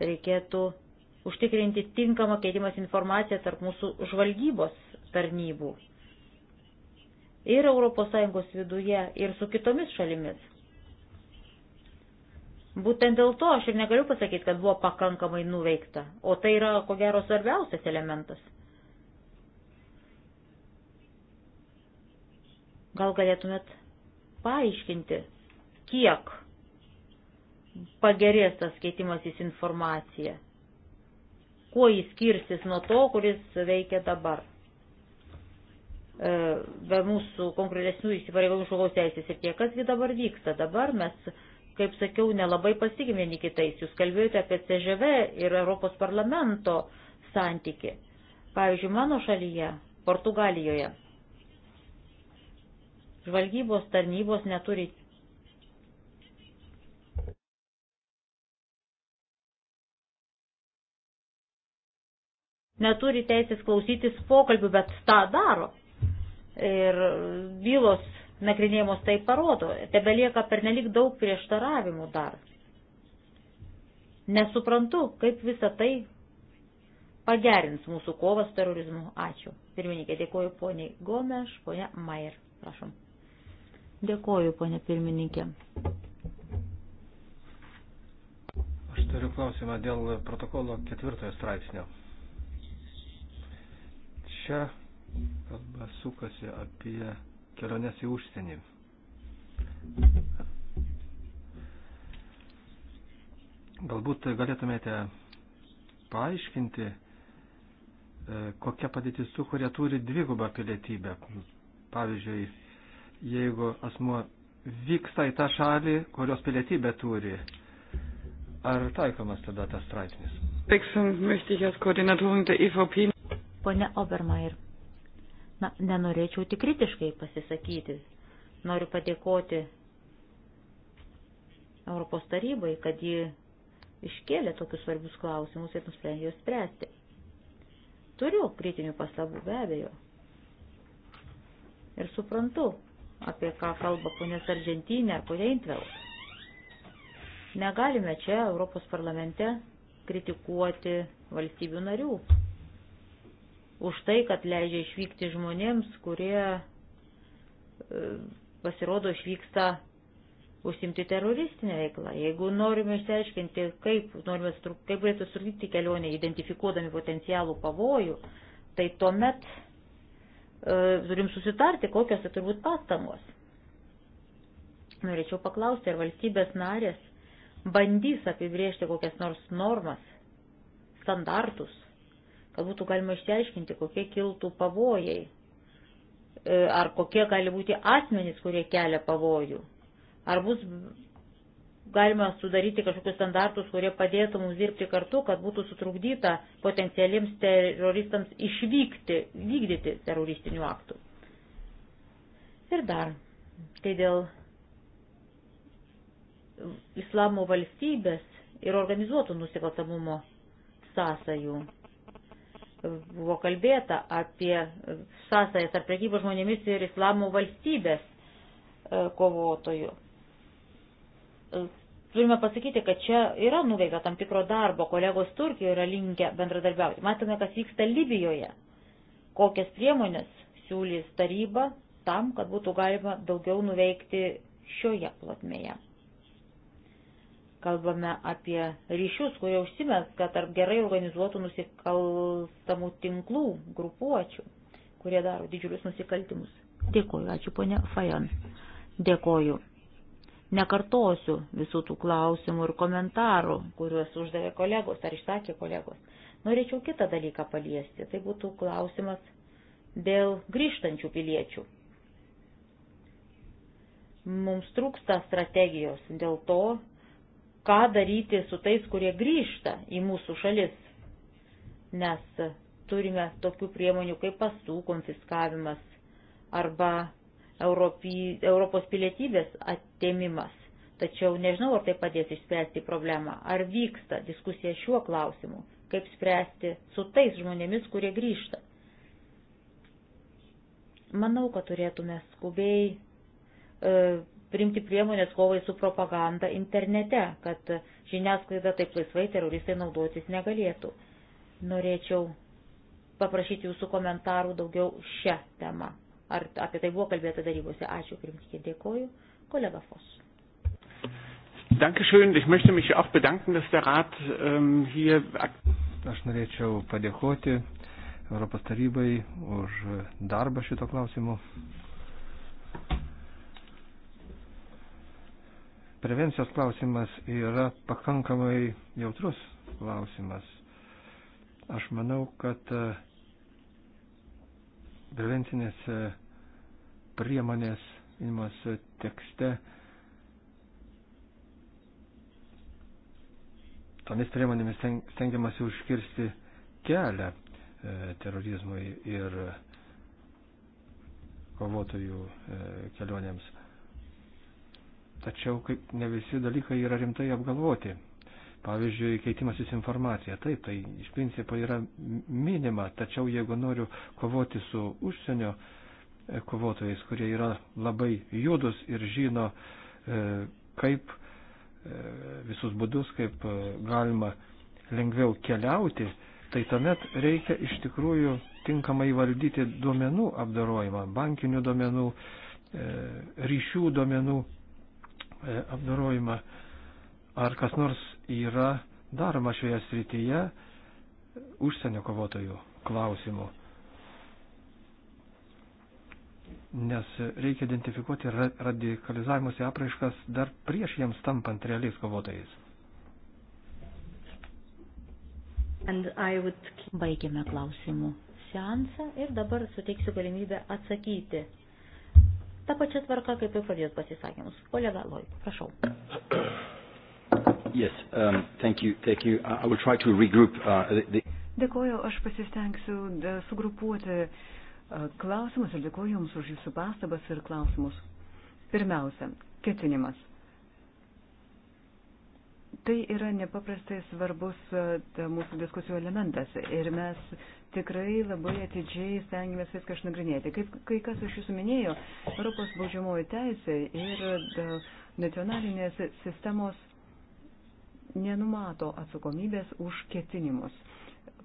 reikėtų užtikrinti tinkamą keitimas informaciją tarp mūsų žvalgybos tarnybų ir ES viduje, ir su kitomis šalimis. Būtent dėl to aš ir negaliu pasakyti, kad buvo pakankamai nuveikta, o tai yra, ko gero, svarbiausias elementas. Gal galėtumėt paaiškinti, kiek pagerės tas keitimasis informacija, kuo jis skirsis nuo to, kuris veikia dabar. E, be mūsų konkretesnių įsipareigojimų žmogaus teisės ir tie, kasgi dabar vyksta. Dabar mes, kaip sakiau, nelabai pasitikime vieni kitais. Jūs kalbėjote apie CŽV ir Europos parlamento santyki. Pavyzdžiui, mano šalyje, Portugalijoje, žvalgybos tarnybos neturi. neturi teisės klausytis pokalbių, bet tą daro. Ir bylos nagrinėjimus tai parodo. Tebelieka pernelik daug prieštaravimų dar. Nesuprantu, kaip visa tai pagerins mūsų kovą su terorizmu. Ačiū. Pirmininkė, dėkoju poniai Gomeš, ponia Maier. Prašom. Dėkoju, ponia pirmininkė. Aš turiu klausimą dėl protokolo ketvirtojo straipsnio. Čia Kalba sukasi apie keliones į užsienį. Galbūt galėtumėte paaiškinti, e, kokia padėtis tų, kurie turi dvigubą pilietybę. Pavyzdžiui, jeigu asmuo vyksta į tą šalį, kurios pilietybę turi, ar taikomas tada tas straipsnis? E Pone Obermeier, Na, nenorėčiau tik kritiškai pasisakyti. Noriu padėkoti Europos tarybai, kad ji iškėlė tokius svarbius klausimus ir nusprendė juos spręsti. Turiu kritinių pastabų be abejo. Ir suprantu, apie ką kalba ponės Argentinė ar ponė Intveld. Negalime čia Europos parlamente kritikuoti valstybių narių už tai, kad leidžia išvykti žmonėms, kurie e, pasirodo išvyksta užsimti teroristinę veiklą. Jeigu norime išsiaiškinti, kaip, norime, kaip galėtų surgyti kelionę, identifikuodami potencialų pavojų, tai tuomet e, turim susitarti, kokios tai turbūt pastangos. Norėčiau paklausti, ar valstybės narės bandys apibriežti kokias nors normas, standartus, kad būtų galima išsiaiškinti, kokie kiltų pavojai, e, ar kokie gali būti asmenys, kurie kelia pavojų, ar bus galima sudaryti kažkokius standartus, kurie padėtų mums dirbti kartu, kad būtų sutrukdyta potencialiems teroristams išvykti, vykdyti teroristinių aktų. Ir dar, tai dėl islamo valstybės ir organizuotų nusikaltamumo sąsajų buvo kalbėta apie sąsajas ar prekybos žmonėmis ir islamo valstybės e, kovotojų. E, turime pasakyti, kad čia yra nuveikta tam tikro darbo, kolegos Turkijoje yra linkę bendradarbiauti. Matome, kas vyksta Libijoje, kokias priemonės siūlys taryba tam, kad būtų galima daugiau nuveikti šioje plotmėje. Kalbame apie ryšius, kurie užsimesga tarp gerai organizuotų nusikalstamų tinklų, grupuočių, kurie daro didžiulius nusikaltimus. Dėkoju, ačiū ponia Fajon. Dėkoju. Nekartosiu visų tų klausimų ir komentarų, kuriuos uždavė kolegos ar išsakė kolegos. Norėčiau kitą dalyką paliesti. Tai būtų klausimas dėl grįžtančių piliečių. Mums trūksta strategijos, dėl to ką daryti su tais, kurie grįžta į mūsų šalis, nes turime tokių priemonių kaip pasų konfiskavimas arba Europy, Europos pilietybės atėmimas. Tačiau nežinau, ar tai padės išspręsti problemą, ar vyksta diskusija šiuo klausimu, kaip spręsti su tais žmonėmis, kurie grįžta. Manau, kad turėtume skubiai e, priimti priemonės kovai su propaganda internete, kad žiniasklaida taip laisvai teroristai naudotis negalėtų. Norėčiau paprašyti jūsų komentarų daugiau šią temą. Ar apie tai buvo kalbėta darybose? Ačiū, pirmininkė, dėkoju. Kolega Fos. Dankeschön. Ich möchte mich auch bedanken, dass der Rat ähm, hier. Aš norėčiau padėkoti Europos tarybai už darbą šito klausimu prevencijos klausimas yra pakankamai jautrus klausimas. Aš manau, kad e, prevencinės e, priemonės įmas tekste tomis priemonėmis stengiamasi užkirsti kelią e, terorizmui ir kovotojų kelionėms tačiau kaip ne visi dalykai yra rimtai apgalvoti. Pavyzdžiui, keitimasis informacija. Taip, tai iš principo yra minima, tačiau jeigu noriu kovoti su užsienio e, kovotojais, kurie yra labai judus ir žino, e, kaip e, visus būdus, kaip galima lengviau keliauti, tai tuomet reikia iš tikrųjų tinkamai valdyti duomenų apdarojimą, bankinių duomenų, ryšių duomenų E, apdarojimą. Ar kas nors yra daroma šioje srityje užsienio kovotojų klausimų? Nes reikia identifikuoti radikalizavimuose apraiškas dar prieš jiems tampant realiais kovotojais. Would... Baigėme klausimų seansą ir dabar suteiksiu galimybę atsakyti Ta pačia tvarka, kaip ir pradėjus pasisakymus. Kolega Loik, prašau. Yes, um, thank you, thank you. I will try to regroup uh, the... Dėkoju, aš pasistengsiu uh, sugrupuoti uh, klausimus ir dėkoju Jums už Jūsų pastabas ir klausimus. Pirmiausia, ketinimas. Tai yra nepaprastai svarbus e, mūsų diskusijų elementas ir mes tikrai labai atidžiai stengiamės viską išnagrinėti. Kaip kai kas iš jūsų minėjo, Europos baudžiamoji teisė ir e, nacionalinės sistemos nenumato atsakomybės už ketinimus.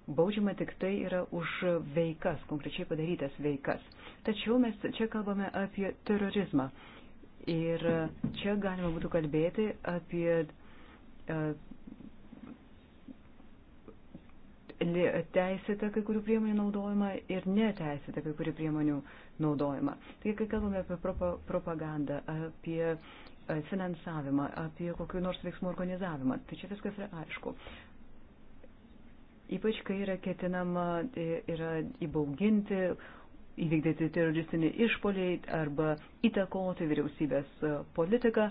Baudžiama tik tai yra už veikas, konkrečiai padarytas veikas. Tačiau mes čia kalbame apie terorizmą. Ir čia galima būtų kalbėti apie E, e, teisėtą kai kurių priemonių naudojimą ir neteisėtą kai kurių priemonių naudojimą. Tai kai kalbame apie propagandą, apie e, finansavimą, apie kokiu nors veiksmų organizavimą, tai čia viskas yra aišku. Ypač, kai yra ketinama yra įbauginti, įvykdyti teroristinį išpolį arba įtakoti vyriausybės politiką.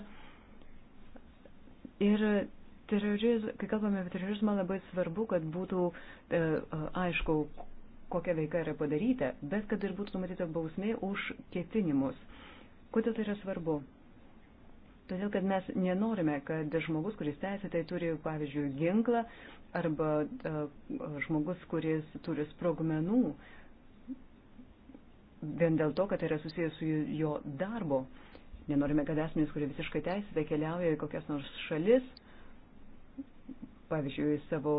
Ir Teroriz, kai kalbame apie terorizmą, labai svarbu, kad būtų e, aišku, kokia veika yra padaryta, bet kad ir būtų numatyta bausmė už ketinimus. Kodėl tai yra svarbu? Todėl, kad mes nenorime, kad žmogus, kuris teisėtai turi, pavyzdžiui, ginklą arba e, žmogus, kuris turi sprogmenų, vien dėl to, kad tai yra susijęs su jo darbo. Nenorime, kad asmenys, kurie visiškai teisėtai keliauja į kokias nors šalis, pavyzdžiui, savo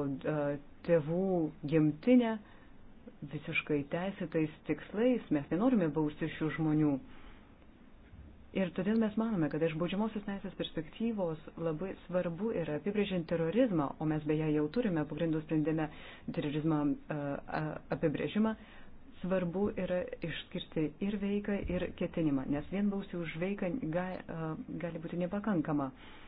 tėvų gimtinę visiškai teisėtais tikslais, mes nenorime bausti šių žmonių. Ir todėl mes manome, kad iš baudžiamosios teisės perspektyvos labai svarbu yra apibrėžiant terorizmą, o mes beje jau turime pagrindų sprendime terorizmą apibrėžimą, svarbu yra išskirti ir veiką, ir ketinimą, nes vien bausti už veiką gali būti nepakankama. Uh,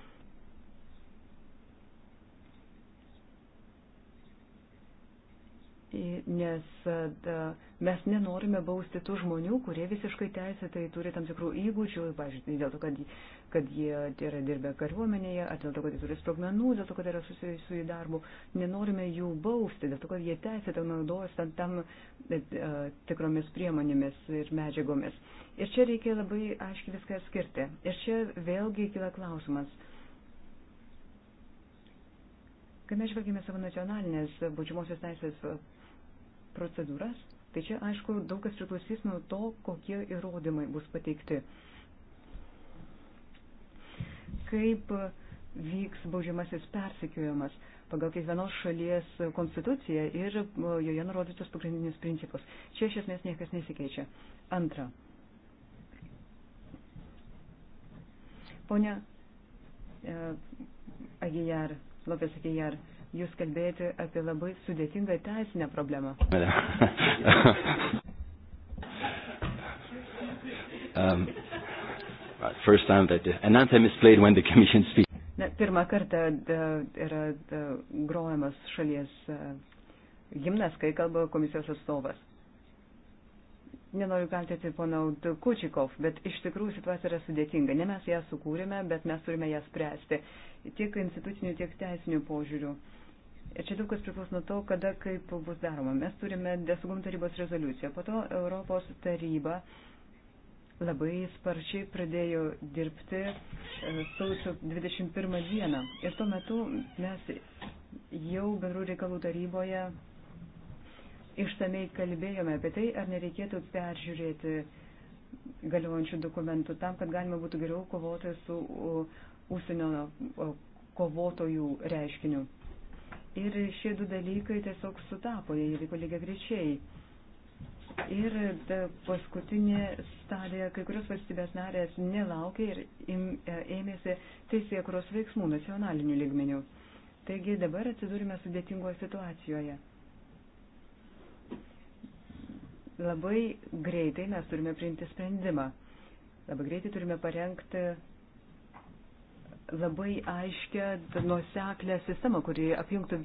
nes mes nenorime bausti tų žmonių, kurie visiškai teisėtai turi tam tikrų įgūdžių, pavyzdžiui, dėl to, kad, kad jie yra dirbę kariuomenėje, ar dėl to, kad jie turi sprogmenų, dėl to, kad yra susijusi su jų darbu, nenorime jų bausti, dėl to, kad jie teisėtai naudojasi tam, tam e, e, tikromis priemonėmis ir medžiagomis. Ir čia reikia labai aiškiai viską skirti. Ir čia vėlgi kyla klausimas. Kai mes žvelgime savo nacionalinės baudžiamosios teisės procedūras, tai čia aišku daug kas priklausys nuo to, kokie įrodymai bus pateikti. Kaip vyks baudžiamasis persikiojimas pagal kiekvienos šalies konstituciją ir e, joje nurodytus pagrindinius principus. Čia iš esmės niekas nesikeičia. Antra. Pone e, Agijar, Lopės Agijar, Jūs kalbėjote apie labai sudėtingą teisinę problemą. um, first time that the anthem is played when the commission speaks. Na, pirmą kartą da, yra da, grojamas šalies gimnas, kai kalba komisijos atstovas. Nenoriu kaltinti ponau Kučikov, bet iš tikrųjų situacija yra sudėtinga. Ne mes ją sukūrėme, bet mes turime ją spręsti tiek institucinių, tiek teisinių požiūrių. Ir čia daug kas priklauso nuo to, kada kaip bus daroma. Mes turime Desugum tarybos rezoliuciją. Po to Europos taryba labai sparčiai pradėjo dirbti e, sausio 21 dieną. Ir tuo metu mes jau bendrų reikalų taryboje ištamei kalbėjome apie tai, ar nereikėtų peržiūrėti galiojančių dokumentų tam, kad galima būtų geriau kovoti su užsienio kovotojų reiškiniu. Ir šie du dalykai tiesiog sutapo, jie vyko lygiai grečiai. Ir paskutinė stadija, kai kurios valstybės narės nelaukė ir im, e, ėmėsi teisėkuros veiksmų nacionalinių lygmenių. Taigi dabar atsidūrime sudėtingoje situacijoje. Labai greitai mes turime priimti sprendimą. Labai greitai turime parengti labai aiškę nuoseklę sistemą, kuri apjungtų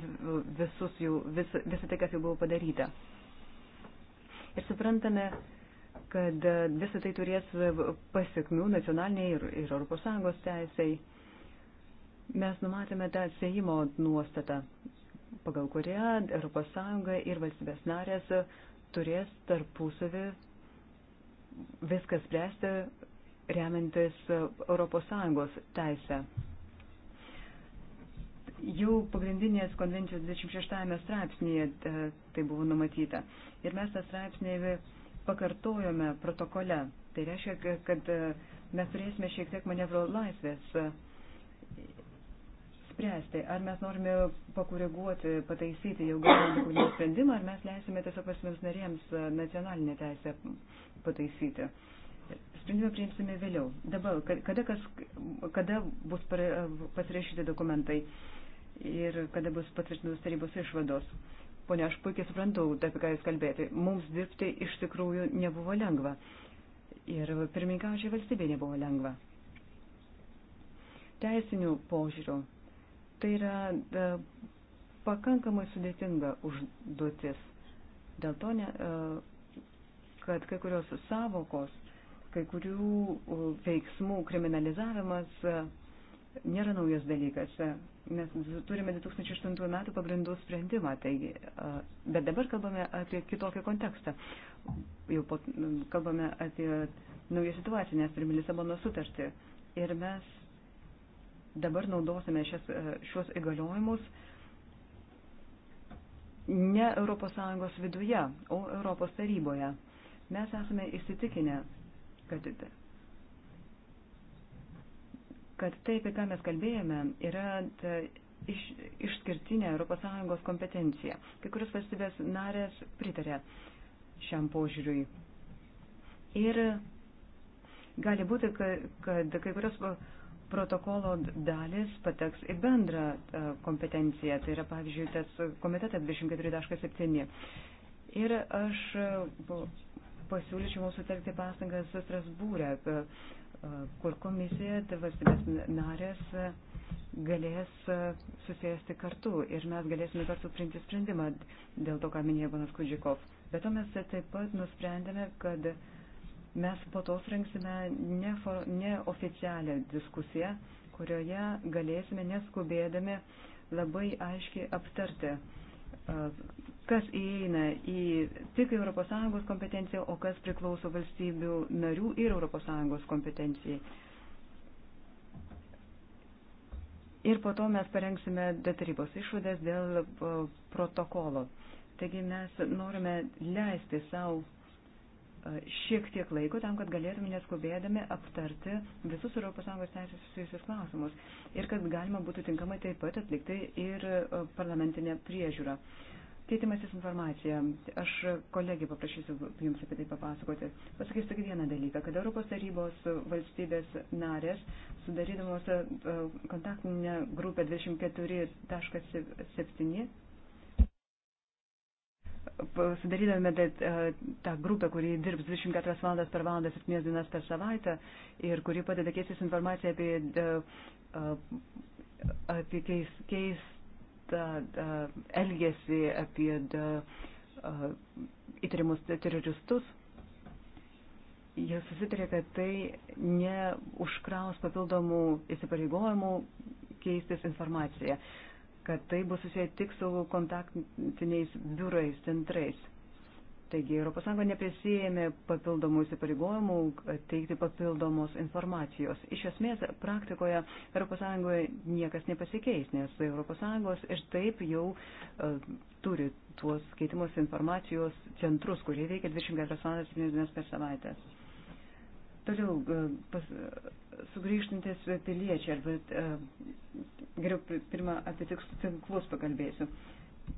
visus jų, vis, visą tai, kas jau buvo padaryta. Ir suprantame, kad visą tai turės pasiekmių nacionaliniai ir, ir ES teisai. Mes numatėme tą atsėjimo nuostatą, pagal kurią ES ir valstybės narės turės tarpusavį viskas spręsti remiantis ES teisę. Jau pagrindinės konvencijos 26 straipsnėje e, tai buvo numatyta. Ir mes tą straipsnį pakartojome protokole. Tai reiškia, kad e, mes turėsime šiek tiek manevro laisvės e, spręsti, ar mes norime pakoreguoti, pataisyti jau galimą sprendimą, ar mes leisime tiesiog pasimems narėms nacionalinę teisę pataisyti sprendimą priimsime vėliau. Dabar, kada, kas, kada bus pasirašyti dokumentai ir kada bus patvirtintos tarybos išvados. Pone, aš puikiai suprantu, tai apie ką Jūs kalbėjote. Mums dirbti iš tikrųjų nebuvo lengva. Ir pirmininkaučiai valstybė nebuvo lengva. Teisinių požiūrių. Tai yra da, pakankamai sudėtinga užduotis. Dėl to, ne, kad kai kurios savokos kai kurių veiksmų kriminalizavimas e, nėra naujas dalykas. E, mes turime 2008 metų pagrindų sprendimą, taigi, e, bet dabar kalbame apie kitokį kontekstą. Jau po, kalbame apie naują situaciją, nes turime Lisabono sutartį. Ir mes dabar naudosime šias, šios įgaliojimus ne ES viduje, o ES taryboje. Mes esame įsitikinę, kad, kad tai, apie ką mes kalbėjome, yra ta, iš, išskirtinė ES kompetencija. Kai kurios valstybės narės pritarė šiam požiūriui. Ir gali būti, kad, kad kai kurios protokolo dalis pateks į bendrą e, kompetenciją, tai yra, pavyzdžiui, tas komitetas 24.7. Ir aš e, pasiūlyčiau mums sutelkti pastangas Strasbūrę, e, e, kur komisija, tai valstybės narės e, galės susėsti kartu ir mes galėsime kartu priimti sprendimą dėl to, ką minėjo panas Kudžikov. Bet to mes taip pat nusprendėme, kad mes po to surinksime neoficialią ne diskusiją, kurioje galėsime neskubėdami labai aiškiai aptarti kas įeina į tik ES kompetenciją, o kas priklauso valstybių narių ir ES kompetencijai. Ir po to mes parengsime detarybos išvadas dėl protokolo. Taigi mes norime leisti savo e, šiek tiek laiko tam, kad galėtume neskubėdami aptarti visus ES teisės susijusius klausimus ir kad galima būtų tinkamai taip pat atlikti ir e, parlamentinę priežiūrą. Uh, Keitimasis informacija. Aš kolegiai paprašysiu Jums apie tai papasakoti. Pasakysiu tik vieną dalyką, kad Europos tarybos valstybės narės, sudarydamos e, kontaktinę grupę 24.7, sudarydami e, tą grupę, kuri dirbs 24 valandas per valandą, 7 dienas per savaitę ir kuri padeda keistis informaciją apie, e, apie keis, keis elgesį, apie įtarimus teroristus. Jie susitarė, kad tai neužkraus papildomų įsipareigojimų keistis informaciją, kad tai bus susiję tik su kontaktiniais biurais, centrais. Taigi ES neprisijėmė papildomų įsipareigojimų teikti papildomos informacijos. Iš esmės, praktikoje ES niekas nepasikeis, nes ES ir taip jau uh, turi tuos keitimos informacijos centrus, kurie veikia 24 valandas 7 dienas per savaitę. Toliau, e, pas, sugrįžtantis piliečiai, arba uh, geriau pirmą apie tinklus pakalbėsiu.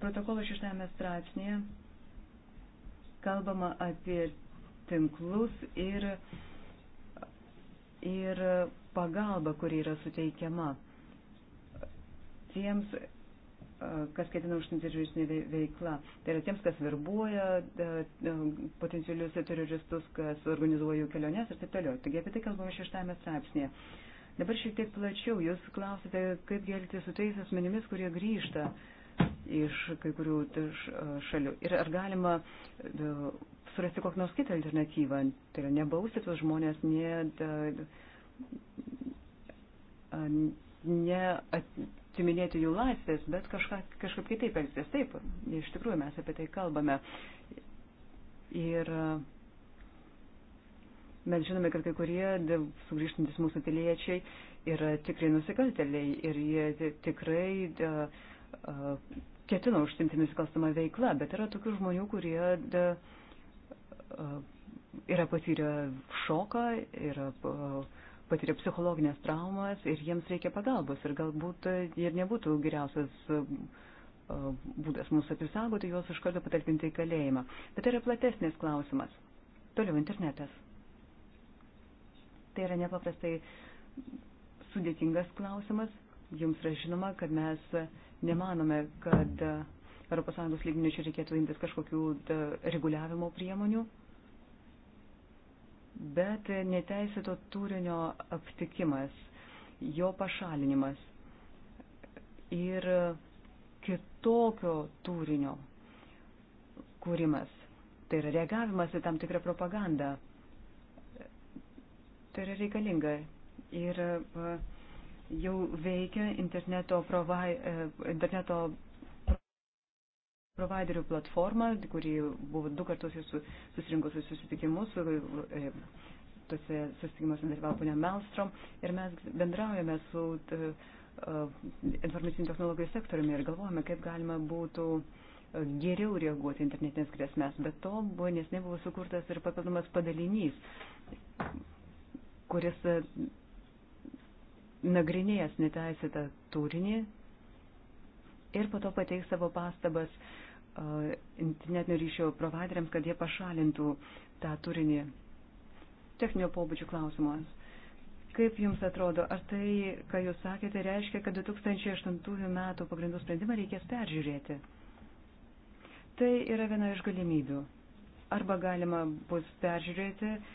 Protokolo šeštame straipsnėje kalbama apie tinklus ir, ir pagalbą, kuri yra suteikiama tiems, kas ketina užsimti teroristinį veiklą. Tai yra tiems, kas verbuoja potencialius teroristus, kas organizuoja jų keliones ir taip toliau. Taigi apie tai kalbame šeštame straipsnėje. Dabar šiek tiek plačiau, jūs klausite, kaip elgtis su tais asmenimis, kurie grįžta uh, iš kai kurių šalių. Ir ar galima e, surasti kokią nors kitą alternatyvą, tai yra nebausti tuos žmonės, ne, ne atiminėti jų laisvės, bet kažką, kažkaip kitaip elgtis. Taip, iš tikrųjų mes apie tai kalbame. Ir e, mes žinome, kad kai kurie sugrįžtantis mūsų piliečiai yra tikrai nusikalteliai ir jie tikrai. Da, uh, ketino užsimti nusikalstamą veiklą, bet yra tokių žmonių, kurie de, yra patyrę šoką, yra patyrę psichologinės traumas ir jiems reikia pagalbos ir galbūt jie nebūtų geriausias būdas mūsų apisaugoti, juos iš karto patalpinti į kalėjimą. Bet tai yra platesnis klausimas. Toliau internetas. Tai yra nepaprastai sudėtingas klausimas. Jums yra žinoma, kad mes uh, nemanome, kad ES lygmenių čia reikėtų imtis kažkokių e, reguliavimo priemonių, bet neteisėto turinio aptikimas, jo pašalinimas ir kitokio turinio kūrimas, tai yra reagavimas į tam tikrą propagandą, tai yra reikalinga. Ir uh, jau veikia interneto, provai, e, interneto providerių platforma, kuri buvo du kartus susirinkusi susitikimus, e, e, tose susitikimuose dalyvavo ponia Melstrom ir mes bendraujame su informacinių technologijų sektoriumi ir galvojame, kaip galima būtų geriau reaguoti internetinės grėsmės. Bet to buvo, nes nebuvo sukurtas ir papildomas padalinys, kuris nagrinėjęs neteisėtą turinį ir po to pateiks savo pastabas uh, internetinio ryšio provideriams, kad jie pašalintų tą turinį. Techninio pobūdžio klausimas. Kaip Jums atrodo, ar tai, ką Jūs sakėte, reiškia, kad 2008 metų pagrindų sprendimą reikės peržiūrėti? Tai yra viena iš galimybių. Arba galima bus peržiūrėti uh,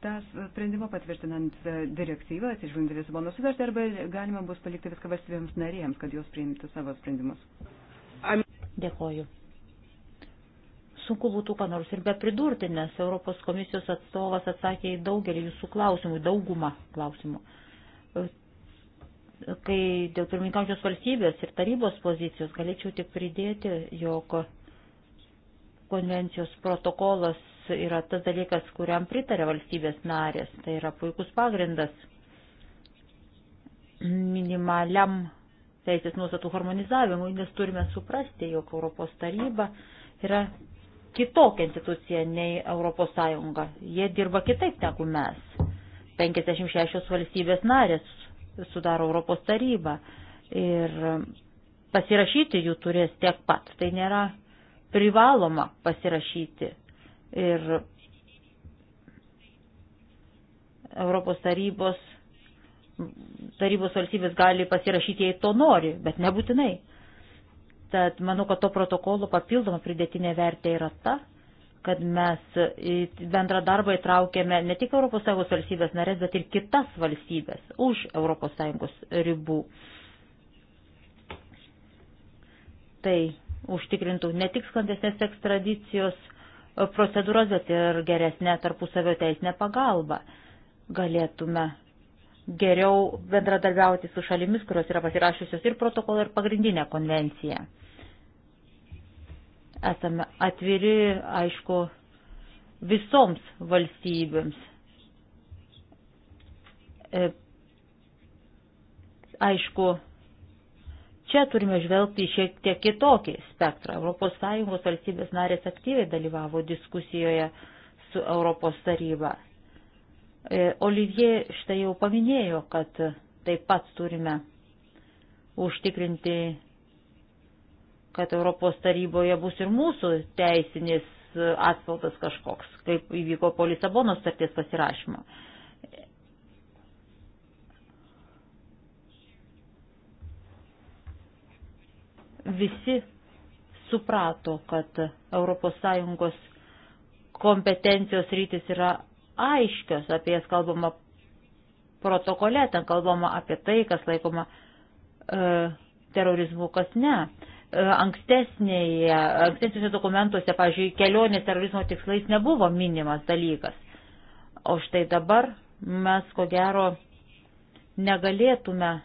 tą sprendimą patvirtinant direktyvą, atsižvelgiant į Lisabono sutartį, arba galima bus palikti viską valstybėms narėms, kad jos priimtų savo sprendimus. Dėkoju. Sunku būtų ką nors ir be pridurti, nes Europos komisijos atstovas atsakė į daugelį jūsų klausimų, daugumą klausimų. Kai dėl pirmininkamčios valstybės ir tarybos pozicijos galėčiau tik pridėti, jog konvencijos protokolas yra tas dalykas, kuriam pritarė valstybės narės. Tai yra puikus pagrindas minimaliam teisės nuostatų harmonizavimui, nes turime suprasti, jog Europos taryba yra kitokia institucija nei Europos Sąjunga. Jie dirba kitaip negu mes. 56 valstybės narės sudaro Europos tarybą ir pasirašyti jų turės tiek pat. Tai nėra privaloma pasirašyti ir Europos tarybos, tarybos valstybės gali pasirašyti, jei to nori, bet nebūtinai. Tad manau, kad to protokolo papildoma pridėtinė vertė yra ta, kad mes į bendrą darbą įtraukėme ne tik ES valstybės narės, bet ir kitas valstybės už ES ribų. Tai užtikrintų ne tik sklandesnės ekstradicijos, procedūras, bet ir geresnę tarpusavio teisinę pagalbą. Galėtume geriau bendradarbiauti su šalimis, kurios yra pasirašiusios ir protokolą, ir pagrindinę konvenciją. Esame atviri, aišku, visoms valstybėms. E, aišku, Čia turime žvelgti šiek tiek kitokį spektrą. ES valstybės narės aktyviai dalyvavo diskusijoje su Europos taryba. E, Olivier štai jau paminėjo, kad taip pat turime užtikrinti, kad Europos taryboje bus ir mūsų teisinis atspaudas kažkoks, kaip įvyko po Lisabonos starties pasirašymo. visi suprato, kad ES kompetencijos rytis yra aiškios, apie jas kalbama protokole, ten kalbama apie tai, kas laikoma e, terorizmu, kas ne. E, ankstesnėje, ankstesnėse dokumentuose, pavyzdžiui, kelionės terorizmo tikslais nebuvo minimas dalykas. O štai dabar mes ko gero negalėtume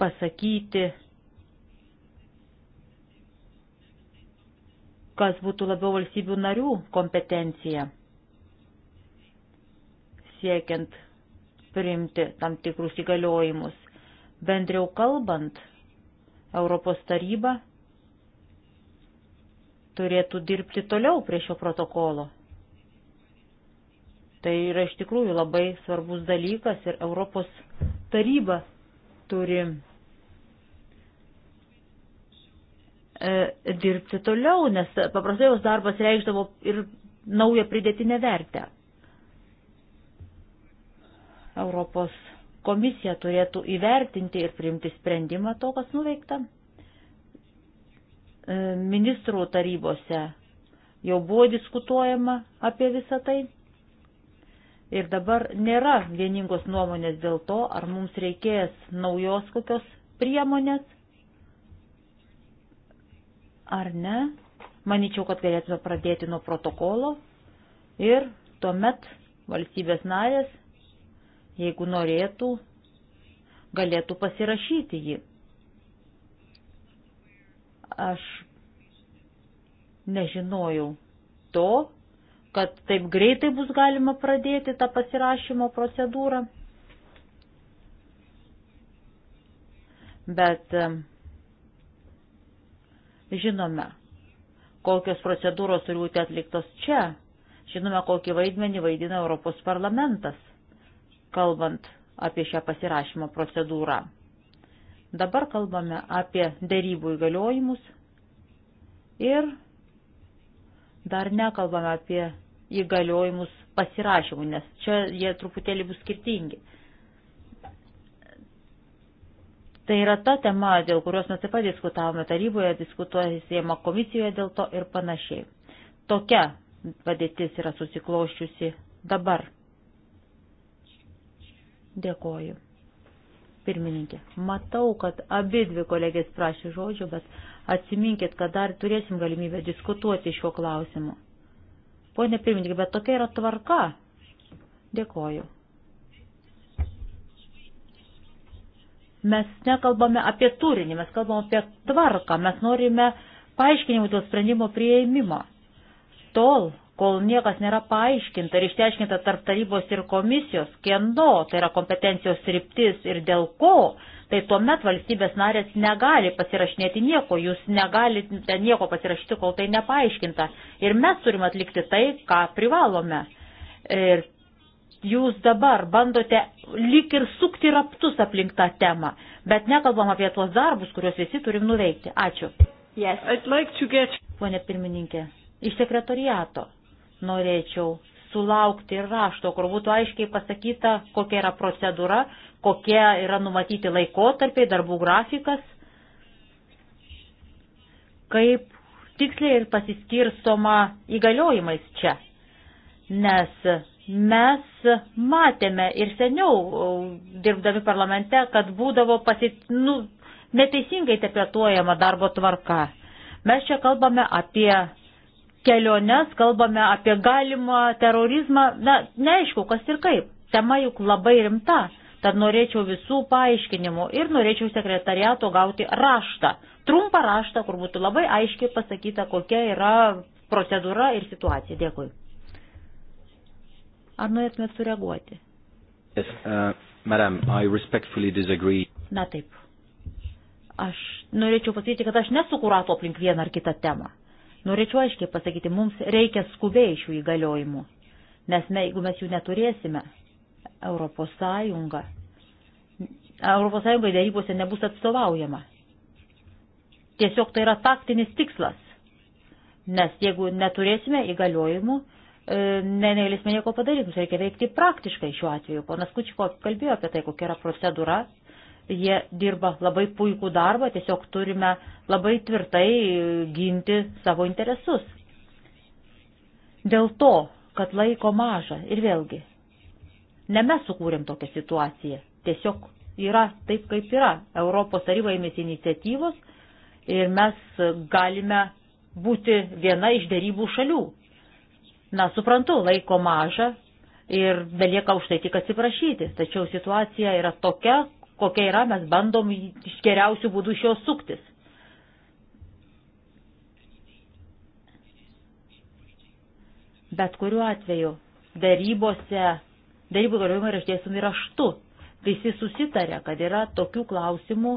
pasakyti, kas būtų labiau valstybių narių kompetencija, siekiant priimti tam tikrus įgaliojimus. Bendriau kalbant, Europos taryba turėtų dirbti toliau prie šio protokolo. Tai yra iš tikrųjų labai svarbus dalykas ir Europos taryba turi E, dirbti toliau, nes paprastai jos darbas reikšdavo ir naują pridėtinę vertę. Europos komisija turėtų įvertinti ir priimti sprendimą to, kas nuveikta. E, ministrų tarybose jau buvo diskutuojama apie visą tai. Ir dabar nėra vieningos nuomonės dėl to, ar mums reikės naujos kokios priemonės ar ne. Maničiau, kad galėtume pradėti nuo protokolo ir tuomet valstybės narės, jeigu norėtų, galėtų pasirašyti jį. Aš nežinojau to, kad taip greitai bus galima pradėti tą pasirašymo procedūrą. Bet um, Žinome, kokios procedūros turi būti atliktos čia. Žinome, kokį vaidmenį vaidina Europos parlamentas, kalbant apie šią pasirašymo procedūrą. Dabar kalbame apie dėrybų įgaliojimus ir dar nekalbame apie įgaliojimus pasirašymų, nes čia jie truputėlį bus skirtingi. Tai yra ta tema, dėl kurios mes taip pat diskutavome taryboje, diskutuojama komisijoje dėl to ir panašiai. Tokia padėtis yra susikloščiusi dabar. Dėkoju. Pirmininkė, matau, kad abi dvi kolegės prašė žodžio, bet atsiminkit, kad dar turėsim galimybę diskutuoti šiuo klausimu. Pone pirmininkė, bet tokia yra tvarka. Dėkoju. Mes nekalbame apie turinį, mes kalbame apie tvarką, mes norime paaiškinimų dėl sprendimo prieimimo. Tol, kol niekas nėra paaiškinta ir išteiškinta tarp tarybos ir komisijos, kieno tai yra kompetencijos ryptis ir dėl ko, tai tuomet valstybės narės negali pasirašinėti nieko, jūs negalite nieko pasirašyti, kol tai nepaaiškinta. Ir mes turime atlikti tai, ką privalome. Ir jūs dabar bandote lik ir sukti raptus aplink tą temą, bet nekalbam apie tuos darbus, kuriuos visi turim nuveikti. Ačiū. Yes. I'd like to get... Pone pirmininkė, iš sekretoriato norėčiau sulaukti ir rašto, kur būtų aiškiai pasakyta, kokia yra procedūra, kokie yra numatyti laikotarpiai, darbų grafikas, kaip tiksliai ir pasiskirstoma įgaliojimais čia. Nes Mes matėme ir seniau, e, dirbdami parlamente, kad būdavo pasit, nu, neteisingai interpretuojama darbo tvarka. Mes čia kalbame apie keliones, kalbame apie galimą terorizmą, na, neaišku, kas ir kaip. Tema juk labai rimta, tad norėčiau visų paaiškinimų ir norėčiau sekretariato gauti raštą, trumpą raštą, kur būtų labai aiškiai pasakyta, kokia yra procedūra ir situacija. Dėkui. Ar norėtumėt sureaguoti? Yes, uh, madam, I respectfully disagree. Na taip. Aš norėčiau pasakyti, kad aš nesukurato aplink vieną ar kitą temą. Norėčiau aiškiai pasakyti, mums reikia skubiai šių įgaliojimų, nes me, jeigu mes jų neturėsime, Europos Sąjunga, Europos Sąjungai dėrybose nebus atstovaujama. Tiesiog tai yra taktinis tikslas, nes jeigu neturėsime įgaliojimų, E, negalėsime nieko padaryti, mums reikia veikti praktiškai šiuo atveju. Ponas Kučiko kalbėjo apie tai, kokia yra procedūra. Jie dirba labai puikų darbą, tiesiog turime labai tvirtai ginti savo interesus. Dėl to, kad laiko maža ir vėlgi, ne mes sukūrėm tokią situaciją, tiesiog yra taip, kaip yra. Europos taryba ėmėsi iniciatyvos ir mes galime būti viena iš dėrybų šalių. Na, suprantu, laiko maža ir belieka už tai tik atsiprašyti, tačiau situacija yra tokia, kokia yra, mes bandom iš geriausių būdų iš jos suktis. Bet kuriuo atveju darybose, darybų galiojimai yra išdėstomi raštu. Visi susitarė, kad yra tokių klausimų,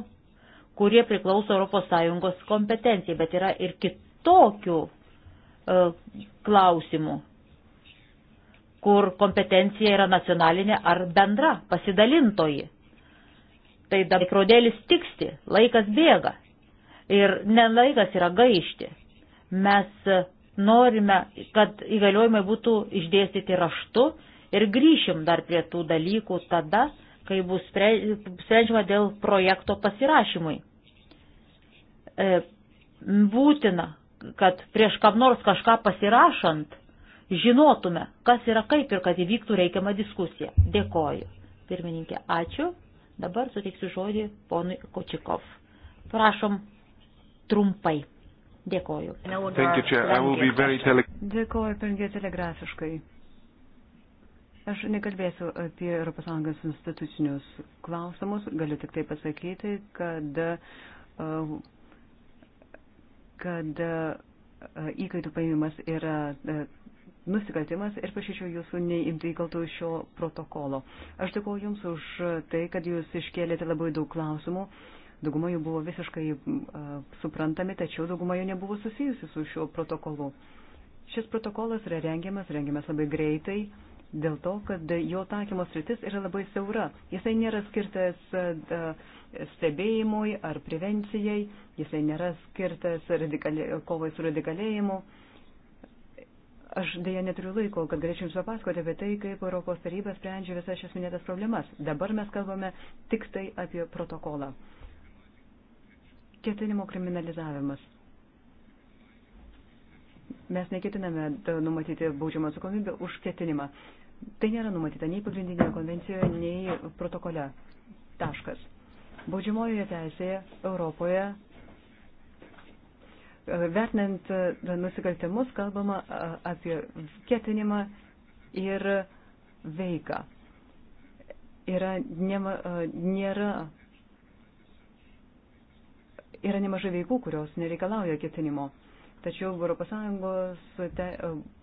kurie priklauso ES kompetencijai, bet yra ir kitokių E, klausimų, kur kompetencija yra nacionalinė ar bendra, pasidalintoji. Tai dabar krodėlis tiksti, laikas bėga ir nelaikas yra gaišti. Mes norime, kad įgaliojimai būtų išdėstyti raštu ir grįšim dar prie tų dalykų tada, kai bus sprendžiama dėl projekto pasirašymui. E, būtina, kad prieš kam nors kažką pasirašant žinotume, kas yra kaip ir kad įvyktų reikiama diskusija. Dėkoju. Pirmininkė, ačiū. Dabar suteiksiu žodį ponui Kočikov. Prašom trumpai. Dėkoju. Dėkoju, pirmininkė, telegrafiškai. Aš nekalbėsiu apie ES institucinius klausimus, galiu tik tai pasakyti, kad uh, kad e, įkaitų paėmimas yra e, nusikaltimas ir prašyčiau jūsų neimti įkaltų šio protokolo. Aš dėkuoju Jums už tai, kad Jūs iškėlėte labai daug klausimų. Dauguma jų buvo visiškai uh, suprantami, tačiau dauguma jų nebuvo susijusi su šiuo protokolu. Šis protokolas yra rengiamas, rengiamas labai greitai, dėl to, kad jo taikymo sritis yra labai siaura. Jisai nėra skirtas uh, stebėjimui ar prevencijai, jisai nėra skirtas radikalė, kovai su radikalėjimu. Aš dėja neturiu laiko, kad galėčiau Jums papasakoti apie tai, kaip Europos taryba sprendžia visas šias minėtas problemas. Dabar mes kalbame tik tai apie protokolą. Ketinimo kriminalizavimas mes neketiname numatyti baudžiamą atsakomybę už ketinimą. Tai nėra numatyta nei pagrindinėje konvencijoje, nei protokole. Taškas. Baudžiamojoje teisėje Europoje, e, vertinant e, nusikaltimus, kalbama e, apie ketinimą ir veiką. Yra, nema, nėra, yra nemažai veikų, kurios nereikalauja ketinimo. Tačiau ES te,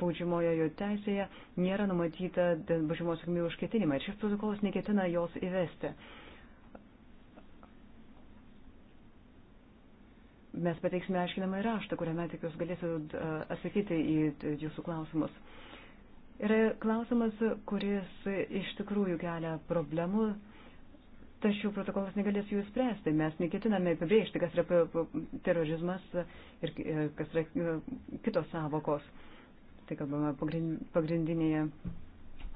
baudžiamojoje teisėje nėra numatyta baudžiamos atsakomybės už ketinimą ir šis protokolas neketina jos įvesti. Uh, mes pateiksime aiškinamą raštą, kuriame tik jūs galėsite atsakyti į jūsų klausimus. Yra klausimas, kuris iš tikrųjų kelia problemų, tačiau protokolas negalės jų spręsti. Mes neketiname apibrėžti, kas yra terorizmas ir e, kas yra e, kitos savokos. Tai kalbama pagrindinėje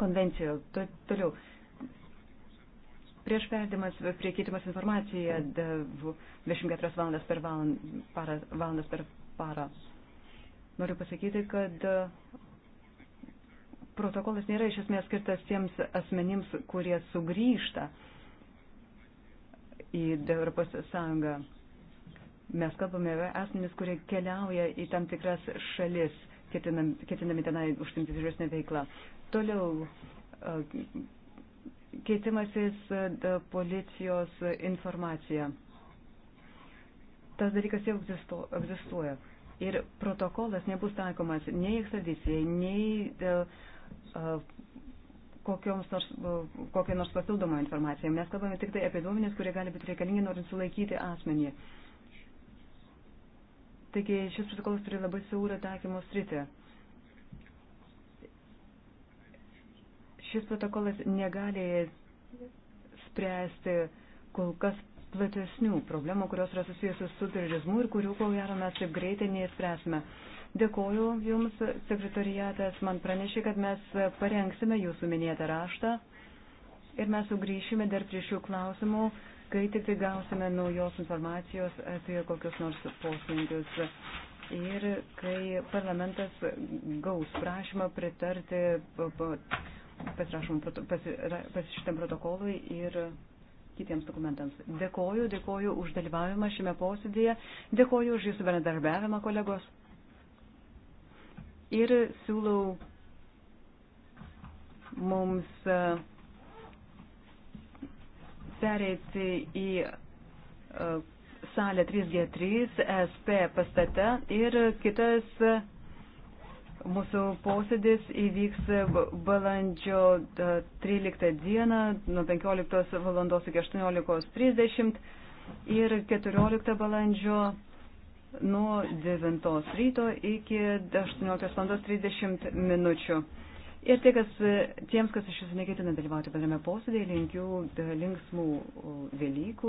konvencijoje. Toliau. Prieš perdimas prie keitimas informaciją 24 valandas per, valand, parą, valandas per parą. Noriu pasakyti, kad e, protokolas nėra iš esmės skirtas tiems asmenims, kurie sugrįžta į Europos Sąjungą. Mes kalbame apie asmenis, kurie keliauja į tam tikras šalis, ketinami tenai užsimti vyresnę veiklą. Toliau e, keitimasis e, policijos informacija. Tas dalykas jau egzistuoja. Ir protokolas nebus taikomas nei ekstradicijai, nei dėl, e, uh, e, kokioms nors, kokią nors papildomą informaciją. Mes kalbame tik tai apie duomenys, kurie gali būti reikalingi norint sulaikyti asmenį. Taigi šis protokolas turi labai siaurą taikymo sritį. Šis protokolas negali spręsti kol kas platesnių problemų, kurios yra susijusios su terorizmu ir kurių, ko gero, mes taip greitai neįspręsime. Dėkoju Jums, sekretariatas man pranešė, kad mes parengsime Jūsų minėtą raštą ir mes sugrįšime dar prie šių klausimų, kai tik tai gausime naujos informacijos apie kokius nors poslinkius ir kai parlamentas gaus prašymą pritarti pasirašom pasi, šitam protokolui ir kitiems dokumentams. Dėkoju, dėkoju už dalyvavimą šiame posėdėje, dėkoju už jūsų bendradarbiavimą, kolegos. Ir siūlau mums e, pereiti į e, salę 3G3 SP pastate ir kitas Mūsų posėdis įvyks balandžio 13 dieną nuo 15 val. iki 18.30 ir 14 balandžio nuo 9 ryto iki 18.30 minučių. Ir tie, kas, tiems, kas iš jūsų neketina dalyvauti bendrame posėdėje, linkiu linksmų Velykų.